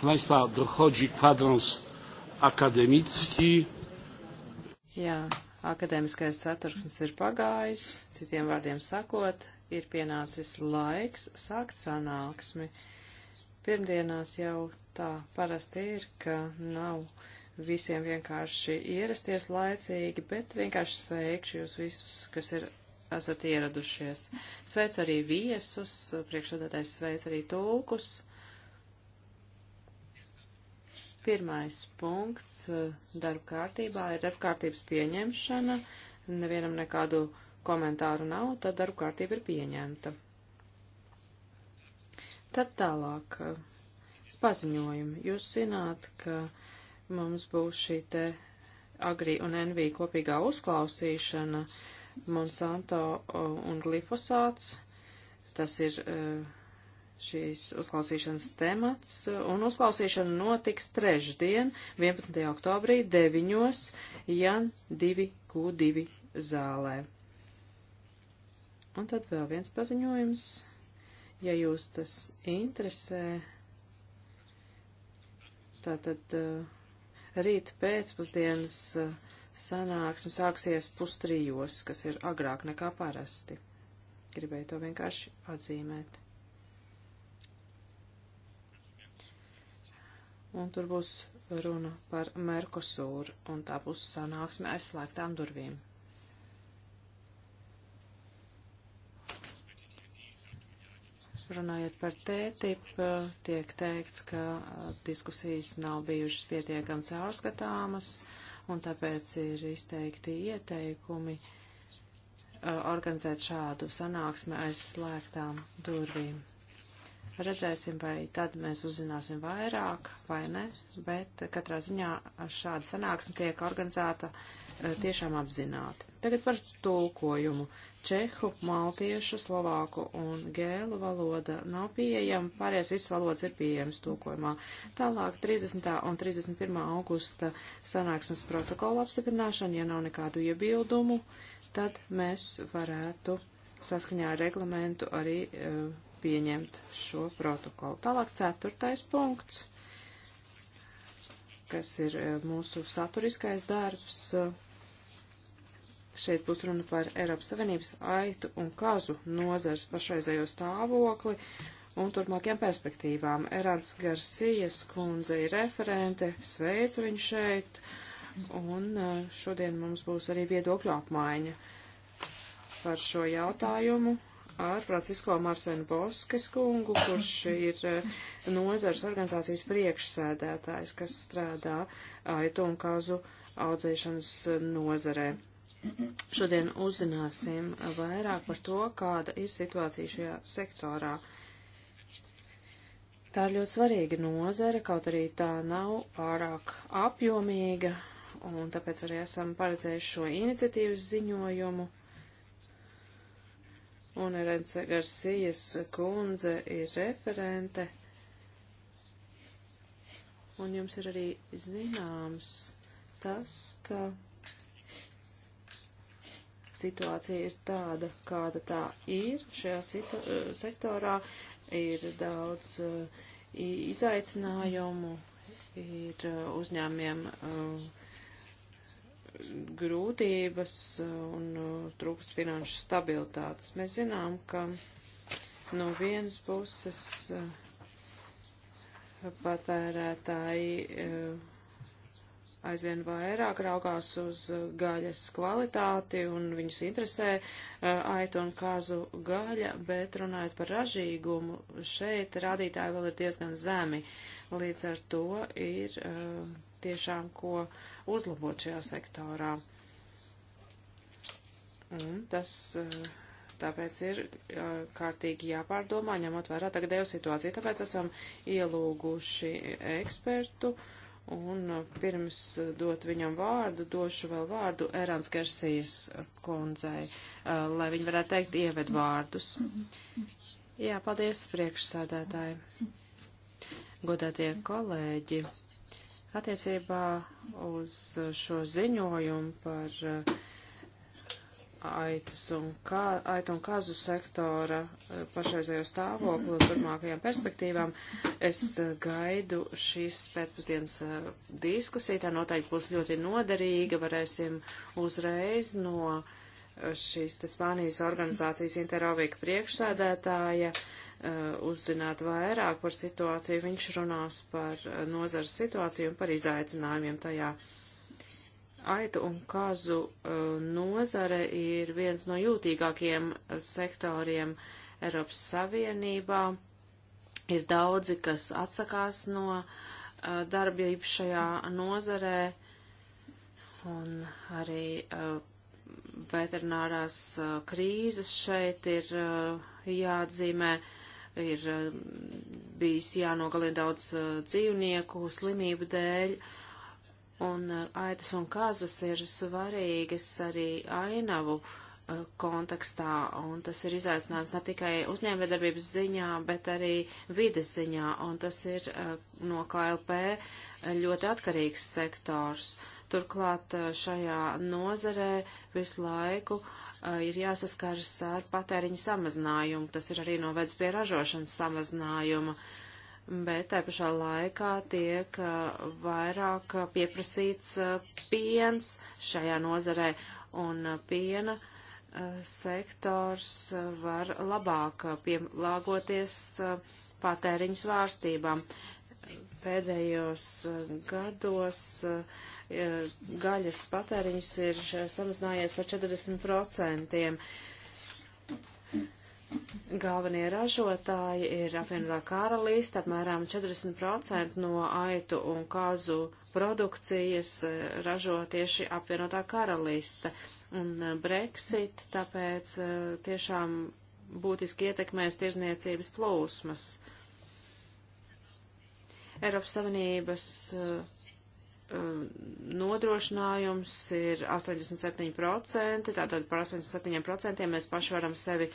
Proszę Państwa, dochodzi kwadrans akademicki. Jā, akadēmiskais ceturksnis ir pagājis, citiem vārdiem sakot, ir pienācis laiks sākt sanāksmi. Pirmdienās jau tā parasti ir, ka nav visiem vienkārši ierasties laicīgi, bet vienkārši sveikšu jūs visus, kas ir, esat ieradušies. Sveicu arī viesus, priekšsēdētājs sveic arī tulkus. Pirmais punkts eh, darba kārtībā ir darba kārtības pieņemšana. Nevienam nekādu komentāru nav, tad darba kārtība ir pieņemta. Tad tālāk eh, paziņojumi. Jūs zināt, ka mums būs šī te Agri un NV kopīgā uzklausīšana Monsanto eh, un glifosāts. Tas ir uh, šīs uzklausīšanas temats, un uzklausīšana notiks trešdien, 11. oktobrī, 9. jan 2Q2 zālē. Un tad vēl viens paziņojums, ja jūs tas interesē, tātad uh, rīt pēcpusdienas uh, sanāksme sāksies pustrījos, kas ir agrāk nekā parasti. Gribēju to vienkārši atzīmēt. un tur būs runa par Merkosūru, un tā būs sanāksme aizslēgtām durvīm. Runājot par TTIP, tiek teikts, ka uh, diskusijas nav bijušas pietiekami caurskatāmas, un tāpēc ir izteikti ieteikumi uh, organizēt šādu sanāksmi aiz slēgtām durvīm. Redzēsim, vai tad mēs uzzināsim vairāk vai ne, bet katrā ziņā šāda sanāksme tiek organizēta eh, tiešām apzināti. Tagad par tulkojumu. Čehu, maltiešu, slovāku un gēlu valoda nav pieejama, pārējais visas valodas ir pieejamas tūkojumā. Tālāk 30. un 31. augusta sanāksmes protokola apstiprināšana, ja nav nekādu iebildumu, tad mēs varētu saskaņā ar reglamentu arī uh, pieņemt šo protokolu. Tālāk ceturtais punkts, kas ir e, mūsu saturiskais darbs. Šeit būs runa par Eiropas Savienības aitu un kazu nozars pašreizējo stāvokli un turpmākajām perspektīvām. Erāns Garcijas kundze ir referente, sveicu viņu šeit, un e, šodien mums būs arī viedokļu apmaiņa par šo jautājumu ar Francisko Marsenu Boskes kungu, kurš ir eh, nozares organizācijas priekšsēdētājs, kas strādā aitu eh, un kāzu audzēšanas nozarē. Šodien uzzināsim vairāk par to, kāda ir situācija šajā sektorā. Tā ir ļoti svarīga nozare, kaut arī tā nav pārāk apjomīga, un tāpēc arī esam paredzējuši šo iniciatīvas ziņojumu un Rence Garcijas kundze ir referente. Un jums ir arī zināms tas, ka situācija ir tāda, kāda tā ir. Šajā eh, sektorā ir daudz uh, izaicinājumu, ir uh, uzņēmiem uh, grūtības un uh, trūkst finanšu stabilitātes. Mēs zinām, ka no vienas puses uh, patērētāji uh, aizvien vairāk raugās uz gaļas kvalitāti un viņus interesē aitu un kāzu gaļa, bet runājot par ražīgumu, šeit rādītāji vēl ir diezgan zemi. Līdz ar to ir tiešām ko uh, uzlabot šajā sektorā. Un tas eh, tāpēc ir eh, kārtīgi jāpārdomā, ņemot vērā tagadējo situāciju. Tāpēc esam ielūguši ekspertu un eh, pirms dot viņam vārdu, došu vēl vārdu Erāns Gersijas kundzei, lai viņi varētu teikt ieved vārdus. Jā, paldies priekšsādātāji. Godātie kolēģi, attiecībā uz eh, šo ziņojumu par eh, aitas un, kā, aita un kazu sektora eh, pašreizējo stāvokli un turpmākajām perspektīvām. Es gaidu šīs pēcpusdienas diskusija, tā noteikti būs ļoti noderīga, varēsim uzreiz no šīs Spānijas organizācijas Interovika priekšsēdētāja uh, Eh, uzzināt vairāk par situāciju. Viņš runās par eh, nozares situāciju un par izaicinājumiem tajā. Aitu un kazu eh, nozare ir viens no jūtīgākiem sektoriem Eiropas Savienībā. Ir daudzi, kas atsakās no darbības šajā nozarē un arī veterinārās krīzes šeit ir jāatzīmē ir eh, bijis jānogalina daudz eh, dzīvnieku slimību dēļ, un eh, aitas un kazas ir svarīgas arī ainavu kontekstā, un tas ir izaicinājums ne tikai uzņēmējdarbības ziņā, bet arī vides ziņā, un tas ir no KLP ļoti atkarīgs sektors. Uh, Turklāt eh, šajā nozarē visu laiku eh, ir jāsaskaras ar patēriņa samazinājumu. Tas ir arī novedis pie ražošanas samazinājuma, bet tā pašā laikā tiek eh, vairāk pieprasīts piens šajā nozarē un piena sektors var labāk pielāgoties patēriņu svārstībām. Pēdējos gados uh, E, gaļas patēriņš ir e, samazinājies par 40%. Galvenie ražotāji ir apvienotā karalīste, apmēram 40% no aitu un kazu produkcijas e, ražo tieši apvienotā karalīste. Un Brexit tāpēc tiešām būtiski ietekmēs tirzniecības plūsmas. Eiropas Savienības uh, Um, nodrošinājums ir 87%, tātad par 87% mēs paši varam sevi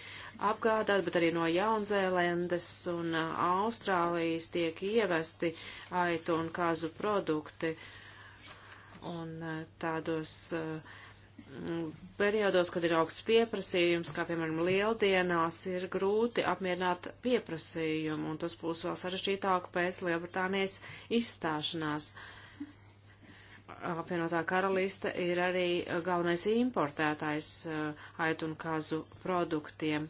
apgādāt, bet arī no Jaunzēlendes un uh, Austrālijas tiek ievesti aitu un kāzu produkti. Un uh, tādos uh, periodos, kad ir augsts pieprasījums, kā piemēram lieldienās, ir grūti apmierināt pieprasījumu, un tas būs vēl sarežģītāk pēc Lielbritānijas izstāšanās. Uh, apvienotā karaliste ir arī galvenais importētājs eh, aitu un kazu produktiem.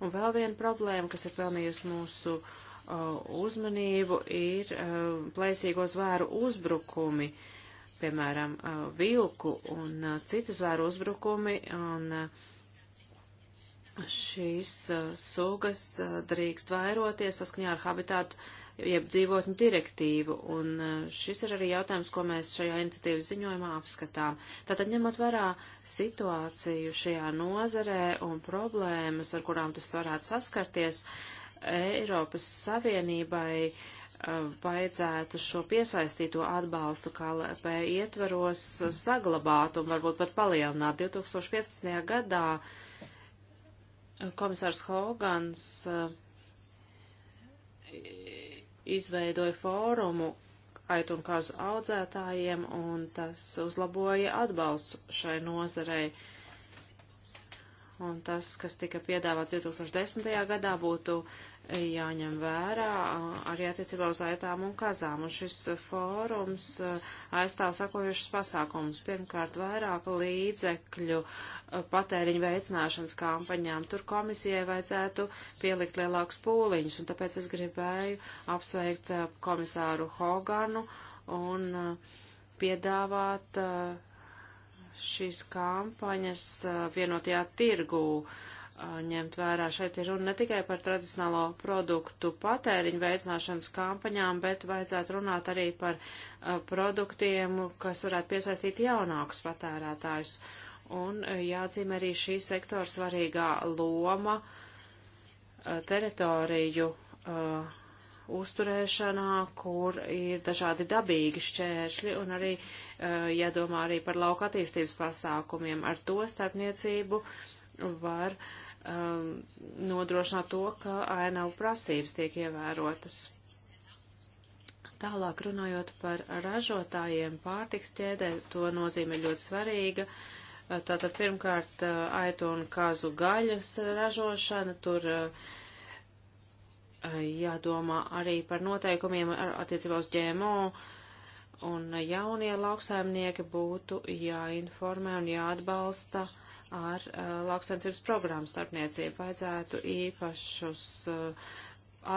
Un vēl viena problēma, kas ir pelnījusi mūsu eh, uzmanību, ir eh, plēsīgo zvēru uzbrukumi, piemēram, vilku un citu zvēru uzbrukumi. Un, Šīs uh, sugas uh, drīkst vairoties saskaņā ar habitātu uh, jeb dzīvotņu direktīvu, un e, šis ir arī jautājums, ko mēs šajā iniciatīvas ziņojumā apskatām. Tātad ņemot vērā situāciju šajā nozarē un problēmas, ar kurām tas varētu saskarties, Eiropas Savienībai uh, vajadzētu šo piesaistīto atbalstu KLP ietvaros saglabāt un varbūt pat palielināt. 2015. gadā komisārs Hogans e, izveidoja fórumu aitunkazu audzētājiem, un tas uzlaboja atbalstu šai nozarei. Un tas, kas tika piedāvāts 2010. gadā, būtu jāņem vērā arī attiecībā uz aitām un kazām. Un šis fórums aizstāv sakojušas pasākumus. Pirmkārt, vairāk līdzekļu uh, patēriņu veicināšanas kampaņām. Tur komisijai vajadzētu pielikt lielākus pūliņus, un tāpēc es gribēju apsveikt uh, komisāru Hoganu un uh, piedāvāt uh, šīs kampaņas vienotajā tirgū ņemt vērā. Šeit ir runa ne tikai par tradicionālo produktu patēriņu veicināšanas kampaņām, bet vajadzētu runāt arī par produktiem, kas varētu piesaistīt jaunākus patērētājus. Uh, Un e, jāatzīmē arī šī sektora svarīgā loma e, teritoriju uh, uzturēšanā, kur ir dažādi dabīgi šķēršļi un arī uh, jādomā arī par lauka attīstības pasākumiem. Ar to starpniecību var um, nodrošināt to, ka ainavu prasības tiek ievērotas. Tālāk runājot par ražotājiem pārtiks ķēdē, to nozīme ļoti svarīga. Uh, Tātad pirmkārt aitu un kāzu gaļas ražošana, tur jādomā arī par noteikumiem attiecībā uz ģēmo, un jaunie lauksaimnieki būtu jāinformē un jāatbalsta ar lauksaimniecības programmu starpniecību. Vajadzētu īpašus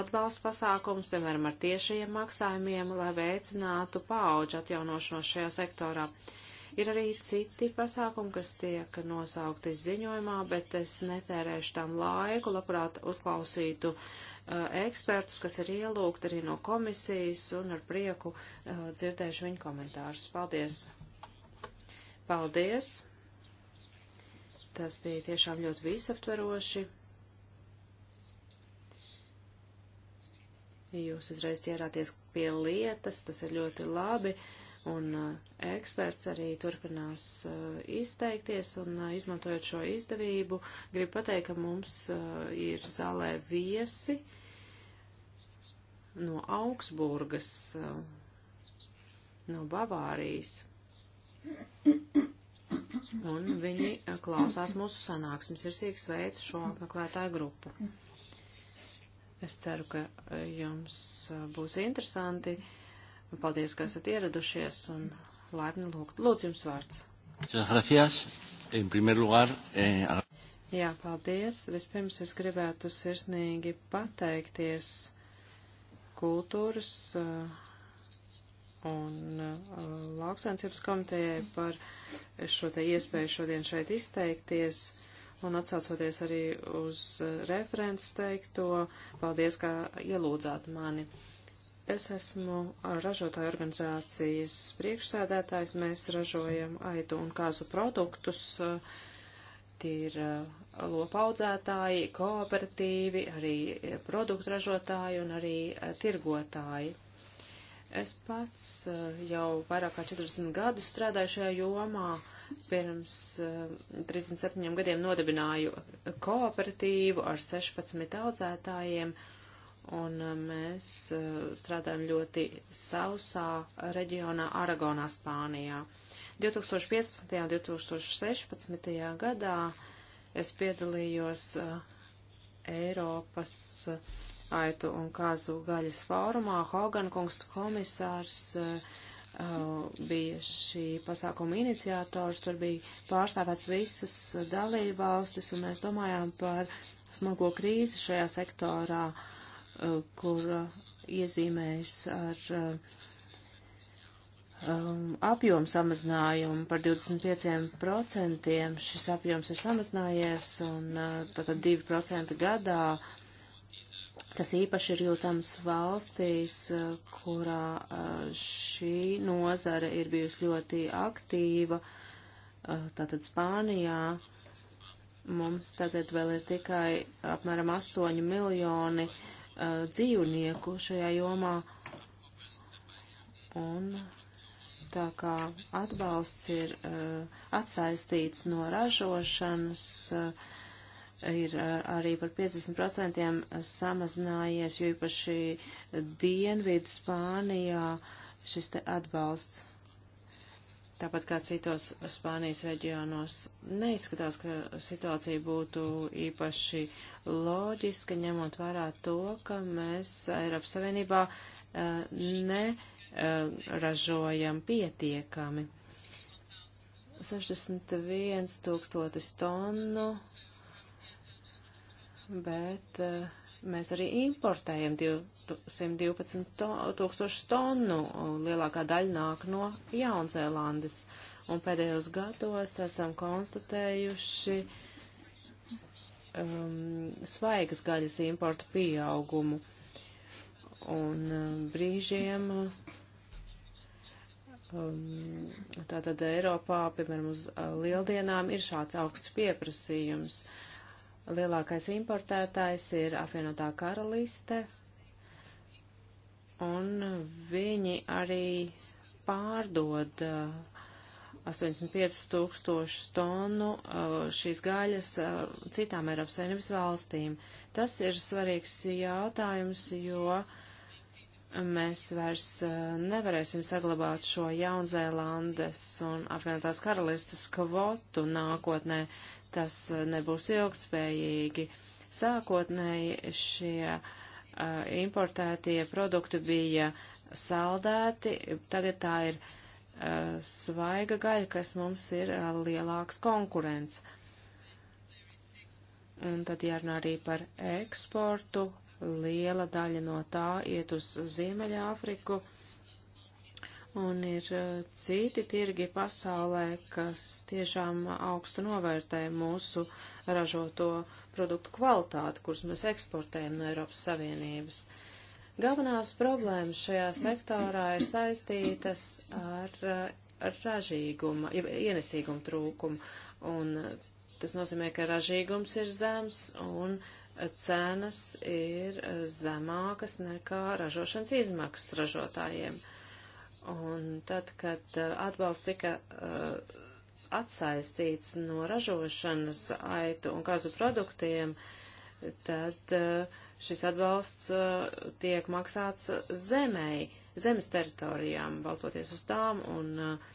atbalsta pasākums, piemēram, ar tiešajiem maksājumiem, lai veicinātu paauģu atjaunošanos šajā sektorā. Uh, Ir arī citi pasākumi, kas tiek nosaukti ziņojumā, bet es netērēšu tam laiku, labprāt uzklausītu uh, ekspertus, kas ir ielūgti arī no komisijas, un ar prieku uh, dzirdēšu viņu komentārus. Paldies! Paldies! Tas bija tiešām ļoti visaptveroši. Jūs uzreiz ķērāties pie lietas, tas ir ļoti labi. Uh, Un uh, eksperts arī turpinās uh, izteikties un uh, izmantojot šo izdevību, gribu pateikt, ka mums ir zālē viesi no Augsburgas, no Bavārijas. Un viņi klausās mūsu sanāksmes, ir sīk sveicu šo apmeklētāju grupu. Es ceru, ka jums būs interesanti. Uh, Un paldies, ka esat ieradušies un laipni lūgt. Lūdzu jums vārds. Eh, Jā, paldies. Vispirms es gribētu sirsnīgi pateikties kultūras eh, un eh, lauksainsības komitejai par šo te iespēju šodien šeit izteikties un atsaucoties arī uz referents teikto. Paldies, ka ielūdzāt mani. Uh, Es esmu ražotāju organizācijas priekšsēdētājs. Mēs ražojam aitu un kāzu produktus. Tie ir eh, lopaudzētāji, kooperatīvi, arī produktu ražotāji un arī eh, tirgotāji. Es pats eh, jau vairāk kā 40 gadus strādāju šajā jomā. Pirms 37 gadiem nodibināju kooperatīvu ar 16 audzētājiem. Uh, un uh, mēs uh, strādājam ļoti sausā reģionā Aragonā, Spānijā. 2015. un 2016. gadā es piedalījos uh, Eiropas aitu un kāzu gaļas fórumā. Hogan kungs komisārs bija šī pasākuma iniciators, tur bija pārstāvēts visas dalībvalstis, un mēs domājām par smago krīzi šajā sektorā. Uh, kur iezīmējas ar um, apjomu samazinājumu par 25%. Šis apjoms ir samazinājies un tātad uh, 2% gadā. Tas īpaši ir jūtams valstīs, uh, kurā uh, šī nozara ir bijusi ļoti aktīva. Tātad Spānijā mums tagad vēl ir tikai apmēram 8 miljoni uh, uh, dzīvnieku šajā jomā. Un tā kā atbalsts ir uh, atsaistīts no ražošanas, uh, ir arī par 50% samazinājies, jo īpaši Dienvidu Spānijā šis te atbalsts tāpat kā citos Spānijas reģionos. Neizskatās, ka situācija būtu īpaši loģiska, ņemot vērā to, ka mēs Eiropas Savienībā eh, neražojam eh, pietiekami. 61 tūkstotis tonu, bet eh, mēs arī importējam 2 112 to, tūkstošu tonu, un lielākā daļa nāk no Jaunzēlandes. Un pēdējos gados esam konstatējuši um, svaigas gaļas importu pieaugumu. Un um, brīžiem um, tātad Eiropā, piemēram, uz uh, lieldienām ir šāds augsts pieprasījums. Lielākais importētājs ir apvienotā karaliste, un viņi arī pārdod 85 uh, tūkstošu tonu uh, šīs gaļas uh, citām Eiropas Savienības valstīm. Tas ir svarīgs jautājums, jo mēs vairs nevarēsim saglabāt šo Jaunzēlandes un apvienotās karalistas kvotu nākotnē. Tas nebūs ilgtspējīgi. Sākotnēji šie uh, importētie produkti bija saldēti, tagad tā ir svaiga gaļa, kas mums ir lielāks konkurents. Un tad jārunā arī par eksportu. Liela daļa no tā iet uz Ziemeļāfriku. Afriku Un ir eh, citi tirgi pasaulē, kas tiešām augstu novērtē mūsu ražoto produktu kvalitāti, kurus mēs eksportējam no Eiropas Savienības. Galvenās problēmas šajā sektorā ir saistītas ar, eh, ar ražīguma, ienesīguma trūkumu, un eh, tas nozīmē, ka ražīgums ir zems un cenas ir zemākas nekā ražošanas izmaksas ražotājiem. Un tad, kad uh, atbalsts tika uh, atsaistīts no ražošanas aitu un kazu produktiem, tad uh, šis atbalsts uh, tiek maksāts zemei, zemes teritorijām, balstoties uz tām, un uh,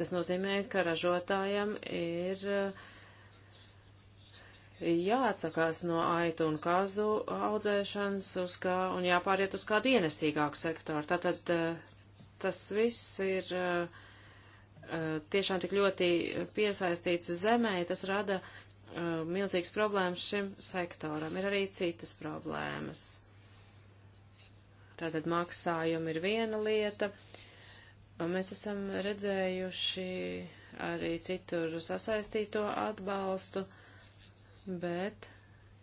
tas nozīmē, ka ražotājam ir uh, jāatsakās no aitu un kazu audzēšanas uz kā, un jāpāriet uz kādu ienesīgāku sektoru. Tātad tas viss ir eh, eh, tiešām tik ļoti piesaistīts zemē, tas rada eh, milzīgas problēmas šim sektoram. Ir arī citas problēmas. Tātad maksājumi ir viena lieta. Mēs esam redzējuši arī citur sasaistīto atbalstu, bet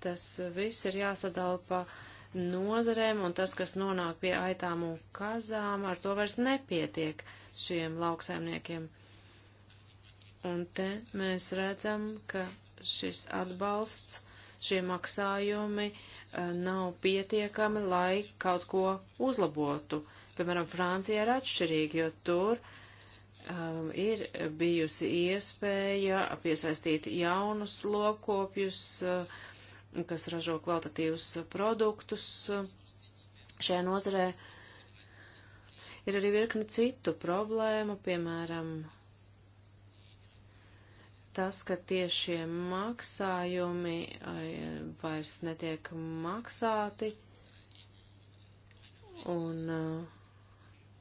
tas viss ir jāsadala pa uh, nozarēm, un tas, kas nonāk pie aitām un kazām, ar to vairs nepietiek šiem lauksaimniekiem. Un te mēs redzam, ka šis atbalsts, šie maksājumi eh, nav pietiekami, lai kaut ko uzlabotu. Piemēram, Francija ir atšķirīga, jo tur um, ir bijusi iespēja piesaistīt jaunus lokopjus, uh, kas ražo kvalitatīvus produktus uh, šajā nozarē. Ir arī virkni citu problēmu, piemēram, tas, ka tiešie maksājumi vairs netiek maksāti, un uh,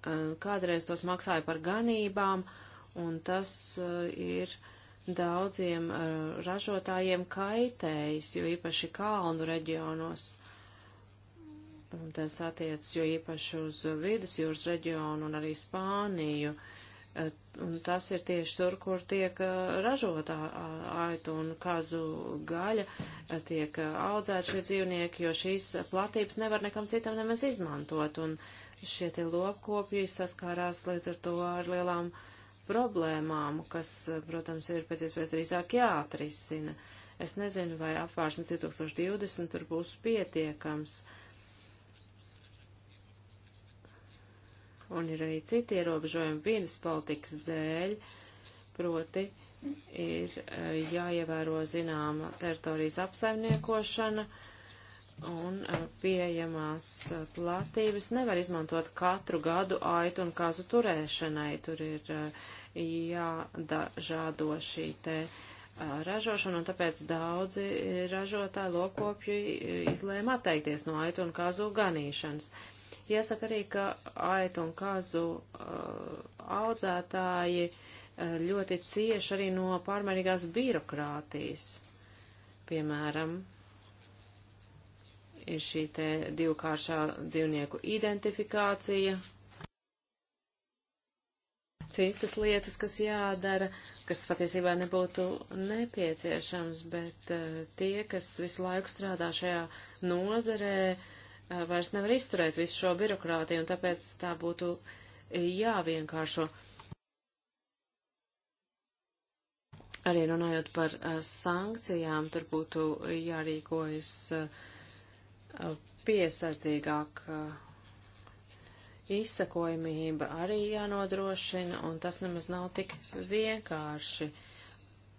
uh, kādreiz tos maksāja par ganībām, un tas ir daudziem uh, ražotājiem kaitējis, jo īpaši kalnu reģionos. Un tas attiec jo īpaši uz vidusjūras reģionu un arī Spāniju. Uh, un tas ir tieši tur, kur tiek uh, ražota uh, aitu un kazu gaļa, uh, tiek uh, audzēt šie dzīvnieki, jo šīs platības nevar nekam citam nemaz izmantot. Un šie tie lopkopji saskārās līdz ar to ar lielām uh, problēmām, kas, protams, ir pēc iespējas drīzāk jāatrisina. Es nezinu, vai apvārsnes 2020 tur būs pietiekams. Un ir arī citi ierobežojumi vienas politikas dēļ, proti ir eh, jāievēro zināma teritorijas apsaimniekošana. Uh, un uh, pieejamās uh, platības nevar izmantot katru gadu aitu un kazu turēšanai. Tur ir uh, jādažādo šī te ražošana, un tāpēc daudzi ražotāji lokopju izlēma atteikties no aitu un kazu ganīšanas. Jāsaka arī, ka aitu un kazu uh, audzētāji uh, ļoti cieši arī no pārmērīgās birokrātijas. Piemēram, ir šī te divkāršā dzīvnieku identifikācija, citas lietas, kas jādara, kas patiesībā nebūtu nepieciešams, bet uh, tie, kas visu laiku strādā šajā nozarē, uh, eh, vairs nevar izturēt visu šo birokrātiju, un tāpēc tā būtu jāvienkāršo. Arī runājot par uh, sankcijām, tur būtu jārīkojas uh, piesardzīgāk eh, izsakojamība arī jānodrošina, un tas nemaz nav tik vienkārši.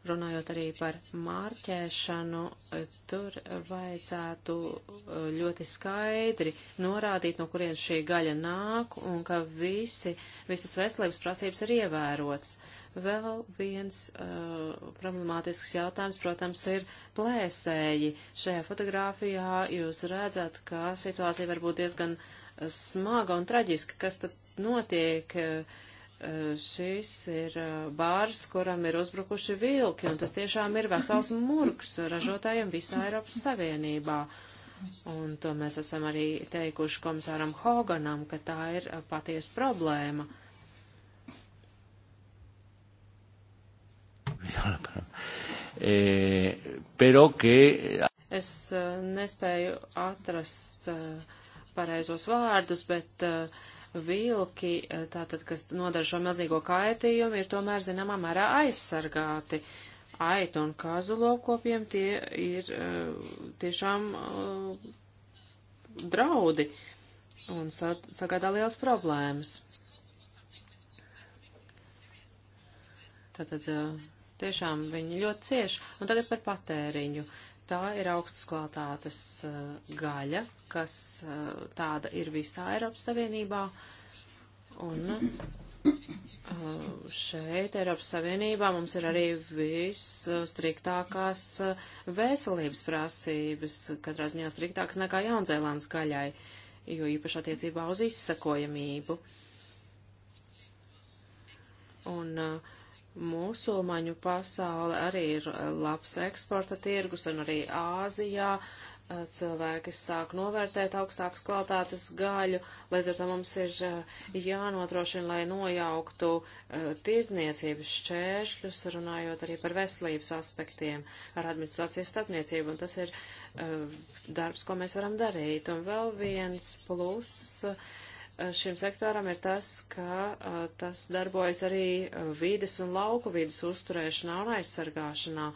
Runājot arī par mārķēšanu, eh, tur vajadzētu eh, ļoti skaidri norādīt, no kurienes šī gaļa nāk, un ka visi, visas veselības prasības ir ievērotas. Vēl viens uh, problemātisks jautājums, protams, ir plēsēji. Šajā fotografijā jūs redzat, ka situācija var būt diezgan uh, smaga un traģiska. Kas tad notiek? Uh, šis ir uh, bārs, kuram ir uzbrukuši vilki, un tas tiešām ir vesels murgs ražotājiem visā Eiropas Savienībā. Un to mēs esam arī teikuši komisāram Hoganam, ka tā ir uh, patiesa problēma. Uh, eh, pero que. Es uh, nespēju atrast uh, pareizos vārdus, bet uh, vilki, tātad, kas nodara šo milzīgo kaitījumu, ir tomēr zināmā mērā aizsargāti. Aitu un kāzu lopkopiem tie ir uh, tiešām uh, draudi un sagādā liels problēmas. Tātad. Uh, Tiešām viņi ļoti cieši. Un tagad par patēriņu. Tā ir augstas kvalitātes uh, gaļa, kas uh, tāda ir visā Eiropas Savienībā. Un uh, šeit Eiropas Savienībā mums ir arī visstriktākās veselības prasības, katrā ziņā striktākas nekā Jaunzēlandes gaļai, jo īpaši attiecībā uz izsakojamību. Un uh, musulmaņu pasaule arī ir eh, labs eksporta tirgus, un arī Āzijā eh, cilvēki sāk novērtēt augstākas kvalitātes gaļu, līdz ar to mums ir eh, jānodrošina, lai nojauktu tirdzniecības šķēršļus, runājot arī par veselības aspektiem ar administrācijas starpniecību, un tas ir darbs, ko mēs varam darīt. Un vēl viens pluss šim sektoram ir tas, ka uh, tas darbojas arī vides un lauku vides uzturēšanā un aizsargāšanā.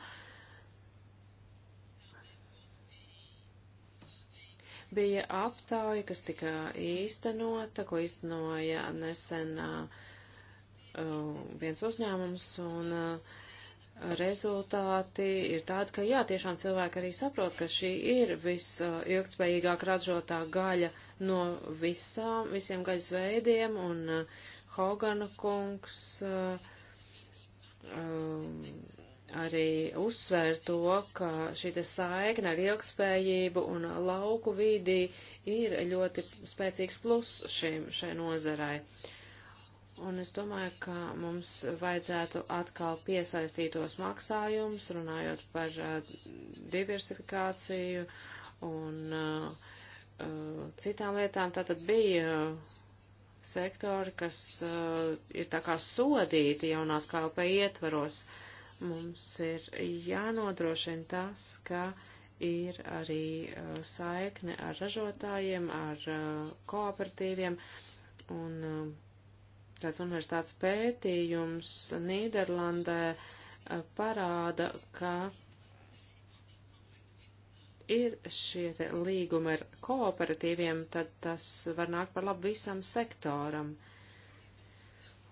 Bija aptauja, kas tika īstenota, ko īstenoja nesen uh, viens uzņēmums, un uh, rezultāti ir tādi, ka jā, tiešām cilvēki arī saprot, ka šī ir visilgtspējīgāk ražotā gaļa uh, no visām, visiem gaļas veidiem, un uh, Hogana kungs uh, um, arī uzsvēra to, ka šī saikne ar ilgspējību un lauku vidī ir ļoti spēcīgs pluss šim, šai nozarai. Un es domāju, ka mums vajadzētu atkal piesaistītos maksājumus, runājot par uh, diversifikāciju un uh, uh, citām lietām. Tātad bija eh, sektori, kas uh, ir tā kā sodīti jaunās KLP ietvaros. Mums ir jānodrošina tas, ka ir arī uh, saikne ar ražotājiem, ar uh, kooperatīviem. Un uh, tāds universitātes pētījums Nīderlandē uh, parāda, ka uh, ir šie līgumi ar kooperatīviem, tad tas var nākt par labu visam sektoram.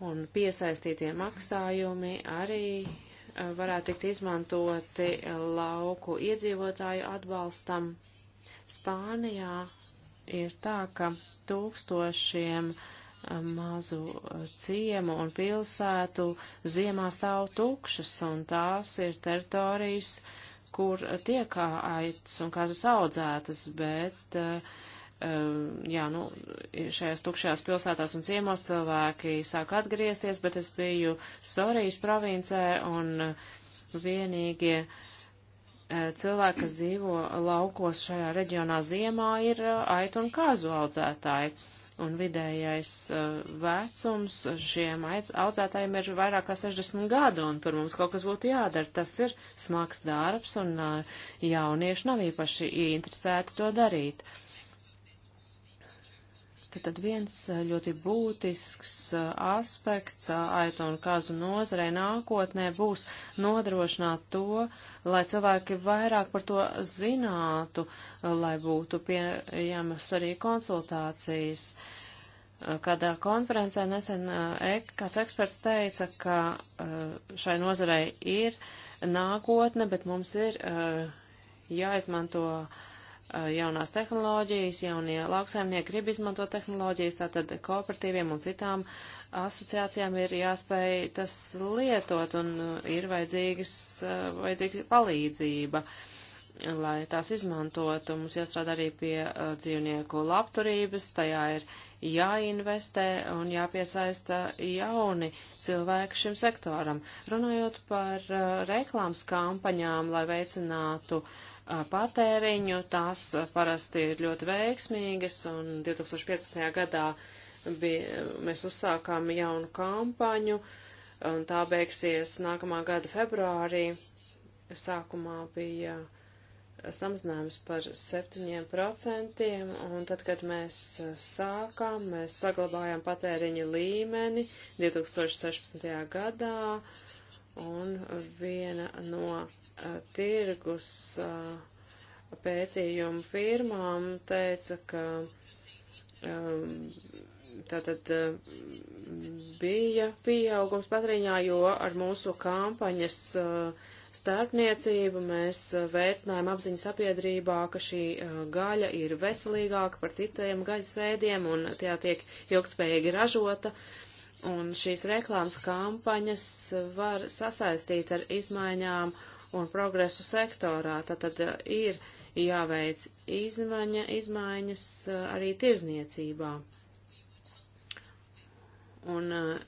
Un piesaistītie maksājumi arī eh, varētu tikt izmantoti lauku iedzīvotāju atbalstam. Spānijā ir tā, ka tūkstošiem eh, mazu eh, ciemu un pilsētu ziemā stāv tukšas, un tās ir teritorijas, uh, kur tiek aitas un kazas audzētas, bet, eh, eh, jā, nu, šajās tukšajās pilsētās un ciemos cilvēki sāk atgriezties, bet es biju Sorijas provincē un vienīgie eh, cilvēki, kas dzīvo laukos šajā reģionā ziemā, ir aitu un kāzu audzētāji un vidējais uh, vecums šiem audzētājiem ir vairāk kā 60 gadu, un tur mums kaut kas būtu jādara. Tas ir smags darbs, un uh, jaunieši nav īpaši interesēti to darīt. Uh, Tad viens eh, ļoti būtisks eh, aspekts eh, aitu un kazu nozarei nākotnē būs nodrošināt to, lai cilvēki vairāk par to zinātu, lai būtu pieejamas arī konsultācijas. Kādā konferencē nesen kāds eksperts teica, ka šai nozarei ir nākotne, bet mums ir jāizmanto. Uh, Uh, jaunās tehnoloģijas, jaunie lauksaimnieki grib izmantot tehnoloģijas, tātad kooperatīviem un citām asociācijām ir jāspēj tas lietot un uh, ir vajadzīgas, uh, vajadzīga palīdzība, lai tās izmantotu. Mums jāstrādā arī pie dzīvnieku labturības, tajā ir jāinvestē un jāpiesaista jauni cilvēki šim sektoram. Runājot par reklāmas kampaņām, lai veicinātu uh, patēriņu. Tās parasti ir ļoti veiksmīgas, un 2015. gadā bija, mēs uzsākām jaunu kampaņu, un tā beigsies nākamā gada februārī. Sākumā bija samazinājums par 7%, un tad, kad mēs sākām, mēs saglabājām patēriņa līmeni 2016. gadā un viena no uh, tirgus uh, pētījumu firmām teica, ka um, tātad uh, bija pieaugums patriņā, jo ar mūsu kampaņas uh, starpniecību mēs uh, veicinājām apziņu sabiedrībā, ka šī gaļa ir veselīgāka par citiem gaļas veidiem un tajā tiek ilgspējīgi ražota. Uh, Un šīs reklāmas kampaņas var sasaistīt ar izmaiņām un progresu sektorā. Tātad uh, ir jāveic izmaiņa, izmaiņas uh, arī tirzniecībā. Un uh,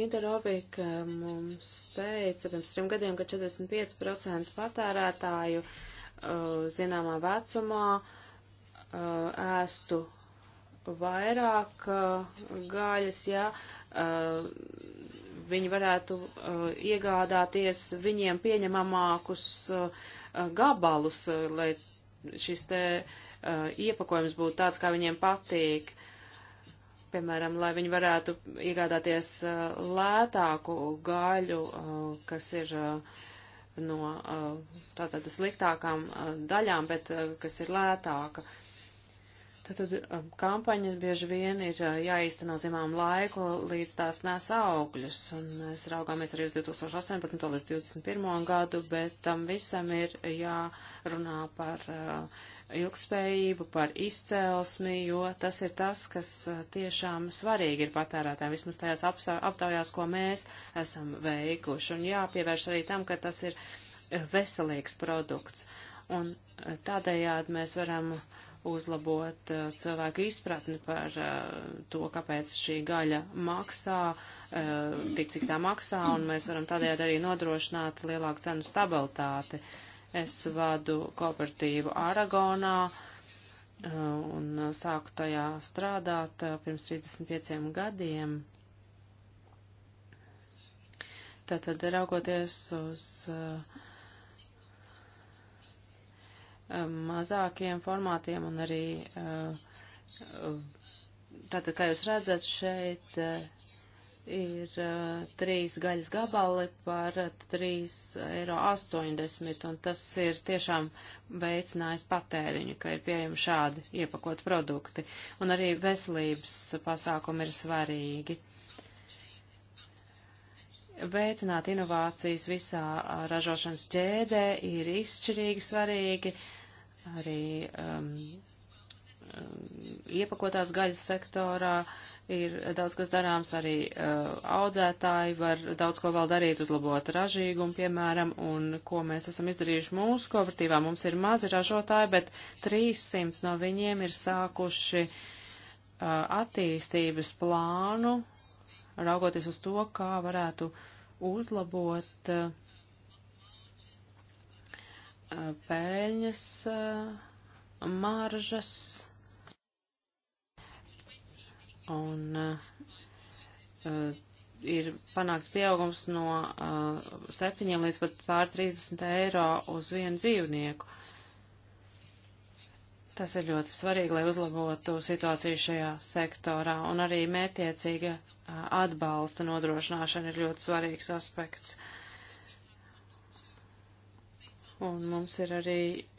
Interovika mums teica pirms trim gadiem, ka 45% patērētāju zināmā vecumā ēstu vairāk uh, gaļas, ja uh, viņi varētu uh, iegādāties viņiem pieņemamākus uh, gabalus, uh, lai šis te uh, iepakojums būtu tāds, kā viņiem patīk. Piemēram, lai viņi varētu iegādāties uh, lētāku gaļu, uh, kas ir uh, no uh, tātad sliktākām uh, daļām, bet uh, kas ir lētāka. Uh, Tad kampaņas bieži vien ir jāīsteno zinām laiku, līdz tās nes augļus. Un mēs raugāmies arī uz 2018. līdz 2021. gadu, bet tam visam ir jārunā par ilgspējību, par izcēlesmi, jo tas ir tas, kas tiešām svarīgi ir patērētājiem, vismaz tajās aptaujās, ko mēs esam veikuši. Un jāpievērš arī tam, ka tas ir veselīgs produkts. Un tādējādi mēs varam uh, uzlabot uh, cilvēku izpratni par uh, to, kāpēc šī gaļa maksā, uh, tik cik tā maksā, un mēs varam tādējādi arī nodrošināt lielāku cenu stabilitāti. Es vadu kooperatīvu Aragonā uh, un sāku tajā strādāt uh, pirms 35 gadiem. Tātad raugoties uz uh, mazākiem formātiem un arī, eh, tātad, kā jūs redzat, šeit eh, ir eh, trīs gaļas gabali par 3,80 eiro, un tas ir tiešām veicinājis patēriņu, ka ir pieejami šādi iepakot produkti, un arī veselības pasākumi ir svarīgi veicināt inovācijas visā ražošanas ķēdē ir izšķirīgi svarīgi, arī um, um, iepakotās gaļas sektorā ir daudz kas darāms, arī uh, audzētāji var daudz ko vēl darīt, uzlabot ražīgumu, piemēram, un ko mēs esam izdarījuši mūsu kooperatīvā. Mums ir mazi ražotāji, bet 300 no viņiem ir sākuši uh, attīstības plānu, raugoties uz to, kā varētu uzlabot uh, pēļņas eh, maržas. Un uh, ir panāks pieaugums no uh, eh, 7 līdz pat pār 30 eiro uz vienu dzīvnieku. Tas ir ļoti svarīgi, lai uzlabotu situāciju šajā sektorā, un arī mērtiecīga uh, atbalsta nodrošināšana ir ļoti svarīgs aspekts. Uh, Un mums ir arī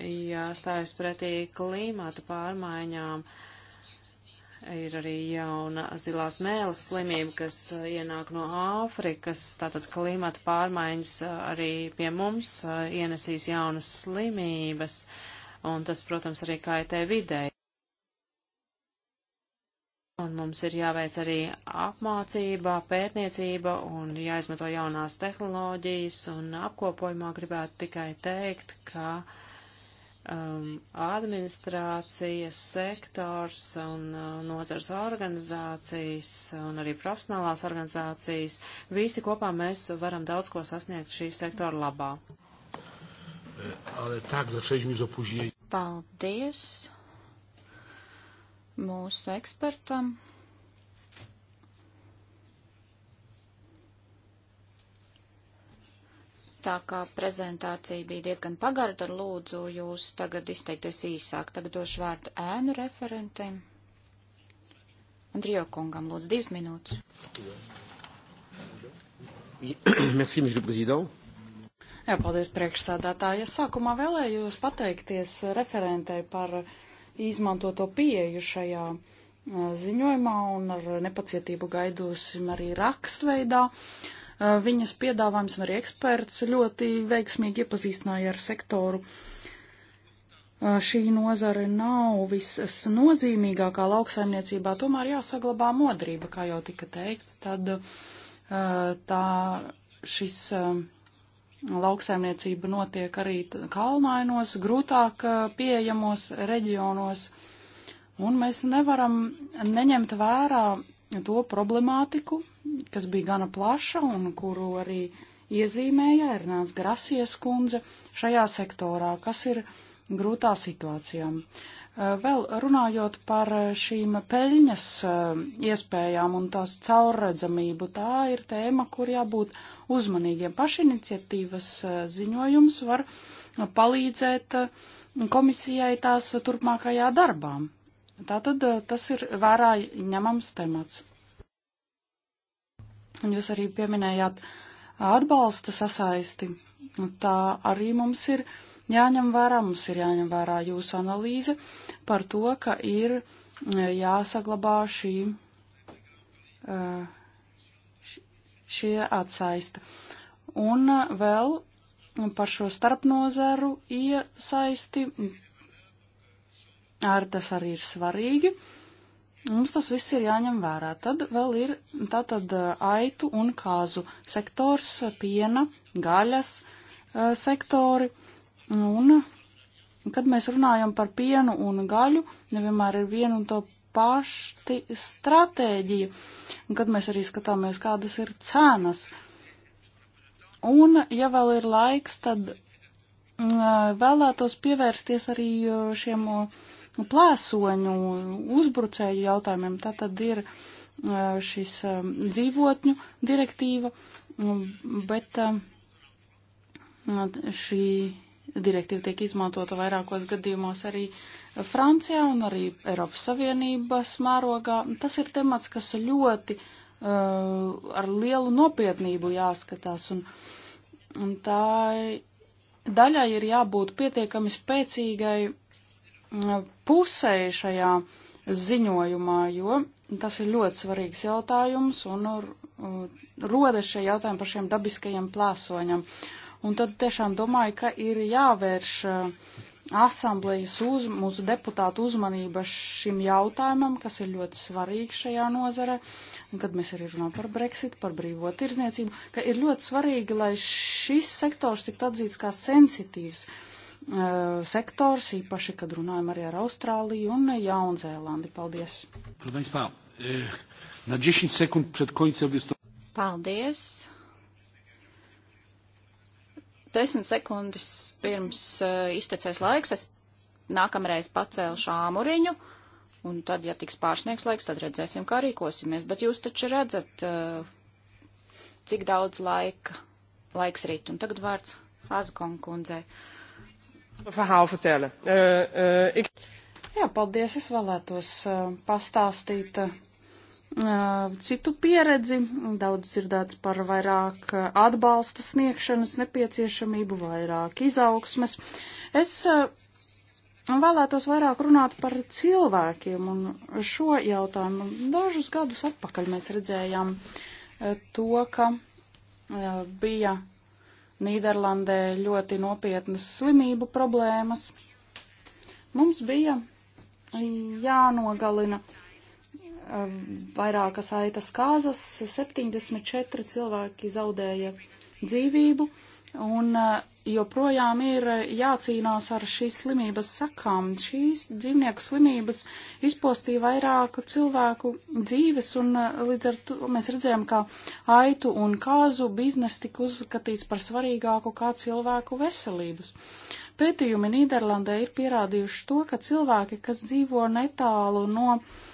jāstājas pretī klimata pārmaiņām. Ir arī jauna zilās mēles slimība, kas uh, ienāk no Āfrikas. Tātad klimata pārmaiņas uh, arī pie mums uh, ienesīs jaunas slimības. Un tas, protams, arī kaitē videi un mums ir jāveic arī apmācība, pētniecība un jāizmanto jaunās tehnoloģijas, un apkopojumā gribētu tikai teikt, ka um, administrācijas sektors un uh, nozars organizācijas un arī profesionālās organizācijas, visi kopā mēs varam daudz ko sasniegt šī sektora labā. Eh, Paldies! mūsu ekspertam. Tā kā prezentācija bija diezgan pagara, tad lūdzu jūs tagad izteikties īsāk. Tagad došu vārdu ēnu referentiem. Andrijo kungam, lūdzu, divas minūtes. Merci, monsieur le président. Jā, paldies priekšsādātāji. Es sākumā vēlējos pateikties referentei par uh, izmantoto pieeju šajā uh, ziņojumā un ar nepacietību gaidosim arī rakstveidā. Uh, viņas piedāvājums un arī eksperts ļoti veiksmīgi iepazīstināja ar sektoru. Uh, šī nozare nav visas nozīmīgākā lauksaimniecībā, tomēr jāsaglabā modrība, kā jau tika teikts, tad tā šis lauksaimniecība notiek arī kalnainos, grūtāk pieejamos reģionos, un mēs nevaram neņemt vērā to problemātiku, kas bija gana plaša un kuru arī iezīmēja Ernāns Grasies kundze šajā sektorā, kas ir grūtā situācijā. Vēl runājot par šīm peļņas iespējām un tās caurredzamību, tā ir tēma, kur jābūt uzmanīgiem. Pašiniciatīvas eh, ziņojums var eh, palīdzēt eh, komisijai tās turpmākajā darbā. Tātad tas ir vērā ņemams temats. Un jūs arī pieminējāt atbalsta sasaisti. Tā arī mums ir jāņem vērā, mums ir jāņem vērā jūsu analīze par to, ka ir jāsaglabā šī uh, šie atsaista. Un uh, vēl par šo starpnozaru iesaisti, ar tas arī ir svarīgi. Mums tas viss ir jāņem vērā. Tad vēl ir tātad uh, aitu un kāzu sektors, uh, piena, gaļas sektori. Un, kad mēs runājam par pienu un gaļu, nevienmēr ir viena un to pašti stratēģija, un kad mēs arī skatāmies, kādas ir cenas. Un, ja vēl ir laiks, tad mm, vēlētos pievērsties arī uh, šiem uh, plēsoņu uzbrucēju jautājumiem. Tā tad ir uh, šis um, dzīvotņu direktīva, mm, bet um, šī Direktīva tiek izmantota vairākos gadījumos arī Francijā un arī Eiropas Savienības mērogā. Tas ir temats, kas ļoti uh, ar lielu nopietnību jāskatās, un, un tā daļai ir jābūt pietiekami spēcīgai uh, pusēji šajā ziņojumā, jo tas ir ļoti svarīgs jautājums un uh, rodas šie jautājumi par šiem dabiskajiem plēsoņiem. Un tad tiešām domāju, ka ir jāvērš uh, asamblejas uz mūsu deputātu uzmanība šim jautājumam, kas ir ļoti svarīgs šajā nozare, un kad mēs arī runājam par Brexit, par brīvo tirzniecību, ka ir ļoti svarīgi, lai šis sektors tiktu atzīts kā sensitīvs uh, sektors, īpaši, kad runājam arī ar Austrāliju un Jaunzēlandi. Paldies! Paldies! Paldies desmit sekundes pirms uh, iztecēs laiks, es nākamreiz pacēlšu āmuriņu, un tad, ja tiks pārsniegs laiks, tad redzēsim, kā rīkosimies. Bet jūs taču redzat, uh, cik daudz laika, laiks rīt, un tagad vārds Hazkon kundzei. Eh, Jā, paldies, es vēlētos uh, pastāstīt. Uh, Uh, citu pieredzi, daudz dzirdēts par vairāk uh, atbalsta sniegšanas nepieciešamību, vairāk izaugsmes. Es uh, vēlētos vairāk runāt par cilvēkiem un šo jautājumu. Dažus gadus atpakaļ mēs redzējām to, ka bija Nīderlandē ļoti nopietnas slimību problēmas. Mums bija jānogalina Um, vairākas aitas kāzas, 74 cilvēki zaudēja dzīvību, un uh, joprojām ir jācīnās ar šīs slimības sakām. Šīs dzīvnieku slimības izpostīja vairāku cilvēku dzīves, un uh, līdz ar to mēs redzējām, ka aitu un kāzu biznes tika uzskatīts par svarīgāku kā cilvēku veselības. Pētījumi Nīderlandē ir pierādījuši to, ka cilvēki, kas dzīvo netālu no uh,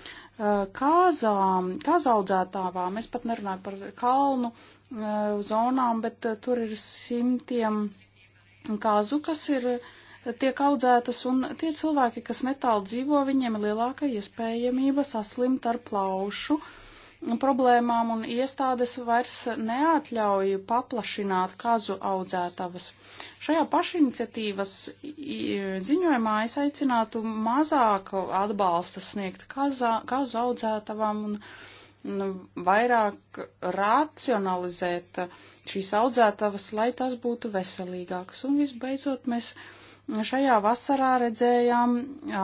Eh, kāzām, kāzaudzētāvām. Es pat nerunāju par kalnu eh, zonām, bet eh, tur ir simtiem kāzu, kas ir tiek audzētas, un tie cilvēki, kas netālu dzīvo, viņiem ir lielāka iespējamība saslimt ar plaušu. Uh, problēmām un iestādes vairs neatļauj paplašināt kazu audzētavas. Šajā pašiniciatīvas ziņojumā es aicinātu mazāk atbalsta sniegt kazā, kazu audzētavām un nu, vairāk racionalizēt šīs audzētavas, lai tas būtu veselīgāks. Un visbeidzot, mēs šajā vasarā redzējām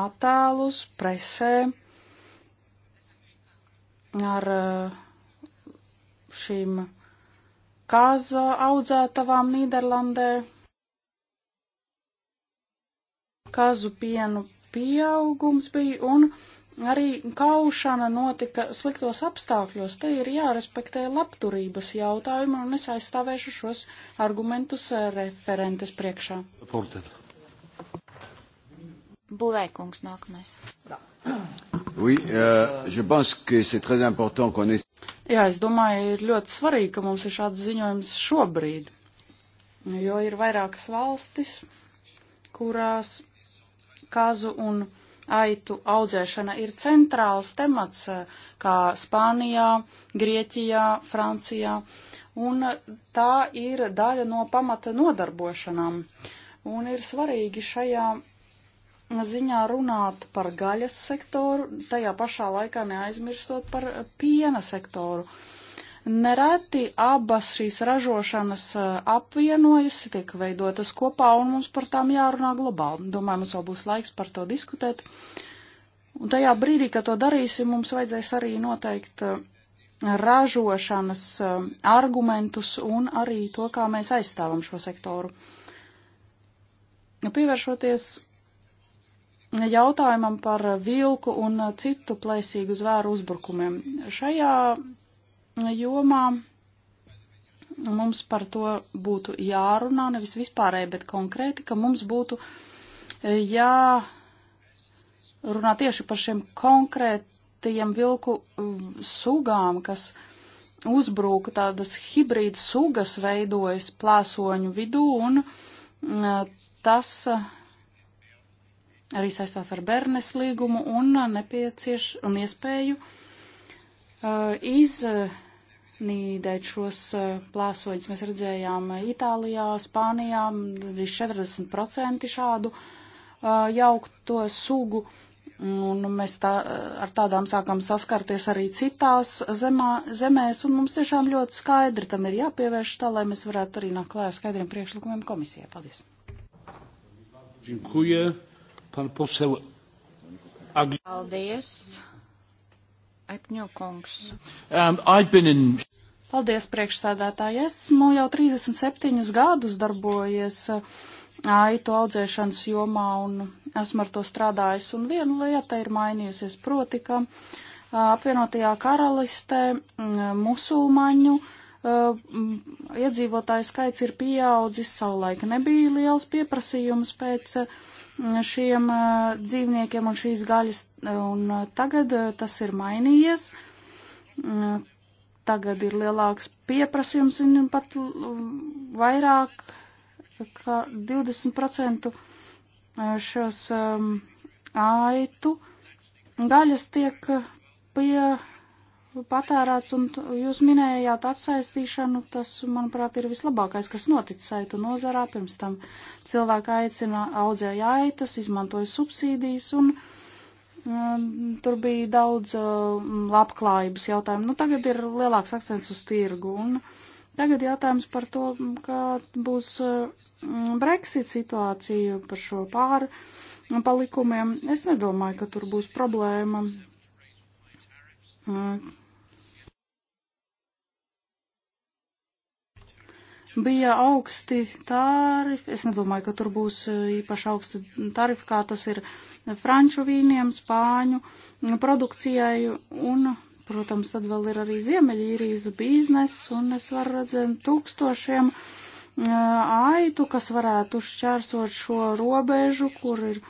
attēlus presē ar eh, šīm kāza audzētavām Nīderlandē. Kazu pienu pieaugums bija un arī kaušana notika sliktos apstākļos. Te ir jārespektē labturības jautājumi un es aizstāvēšu šos argumentus eh, referentes priekšā. Pulten. Būvēkungs nākamais. Da. Oui, uh, je pense que c'est très important qu'on est. Jā, es domāju, ir ļoti svarīgi, ka mums ir šāds ziņojums šobrīd, jo ir vairākas valstis, kurās kazu un aitu audzēšana ir centrāls temats, kā Spānijā, Grieķijā, Francijā, un tā ir daļa no pamata nodarbošanām. Un ir svarīgi šajā ziņā runāt par gaļas sektoru, tajā pašā laikā neaizmirstot par piena sektoru. Nereti abas šīs ražošanas eh, apvienojas, tiek veidotas kopā un mums par tām jārunā globāli. Domāju, mums vēl būs laiks par to diskutēt. Un tajā brīdī, kad to darīsim, mums vajadzēs arī noteikt eh, ražošanas eh, argumentus un arī to, kā mēs aizstāvam šo sektoru. Nu, pievēršoties jautājumam par vilku un citu plēsīgu zvēru uzbrukumiem. Šajā jomā mums par to būtu jārunā, nevis vispārēji, bet konkrēti, ka mums būtu jārunā tieši par šiem konkrētajiem vilku mm, sugām, kas uzbruka tādas hibrīd sugas veidojas plēsoņu vidū, un mm, tas arī saistās ar Bernes līgumu un nepiecieš un iespēju uh, iznīdēt šos uh, plēsoņus. Mēs redzējām Itālijā, Spānijā arī 40% šādu uh, jaukto sugu. Un mēs tā, ar tādām sākam saskarties arī citās zemā, zemēs, un mums tiešām ļoti skaidri tam ir jāpievērš tā, lai mēs varētu arī nākt klāt ar skaidriem priekšlikumiem komisijai. Paldies! Dziękuję. Pan posel Agļu. Paldies, Ekņu kungs. Um, in... Paldies, priekšsēdētāji. Esmu jau 37 gadus darbojies aitu uh, audzēšanas jomā un esmu ar to strādājis. Un viena lieta ir mainījusies, proti, ka uh, apvienotajā karalistē mm, musulmaņu uh, mm, iedzīvotāju skaits ir pieaudzis, savulaik nebija liels pieprasījums pēc uh, šiem dzīvniekiem un šīs gaļas, un tagad tas ir mainījies. Tagad ir lielāks pieprasījums, un pat vairāk kā 20% šos aitu gaļas tiek pie patērēts, un jūs minējāt atsaistīšanu, tas, manuprāt, ir vislabākais, kas noticis aitu nozarā. Pirms tam cilvēki aicina audzēja aitas, izmantoja subsīdijas, un um, tur bija daudz uh, labklājības jautājumu. Nu, tagad ir lielāks akcents uz tirgu, un tagad jautājums par to, kā būs uh, Brexit situācija par šo pāri um, palikumiem. Es nedomāju, ka tur būs problēma. Uh, bija augsti tarifi. Es nedomāju, ka tur būs e, īpaši augsti tarifi, kā tas ir franču vīniem, spāņu produkcijai un, protams, tad vēl ir arī Ziemeļīrijas biznes un es varu redzēt tūkstošiem e, aitu, kas varētu šķērsot šo robežu, kur ir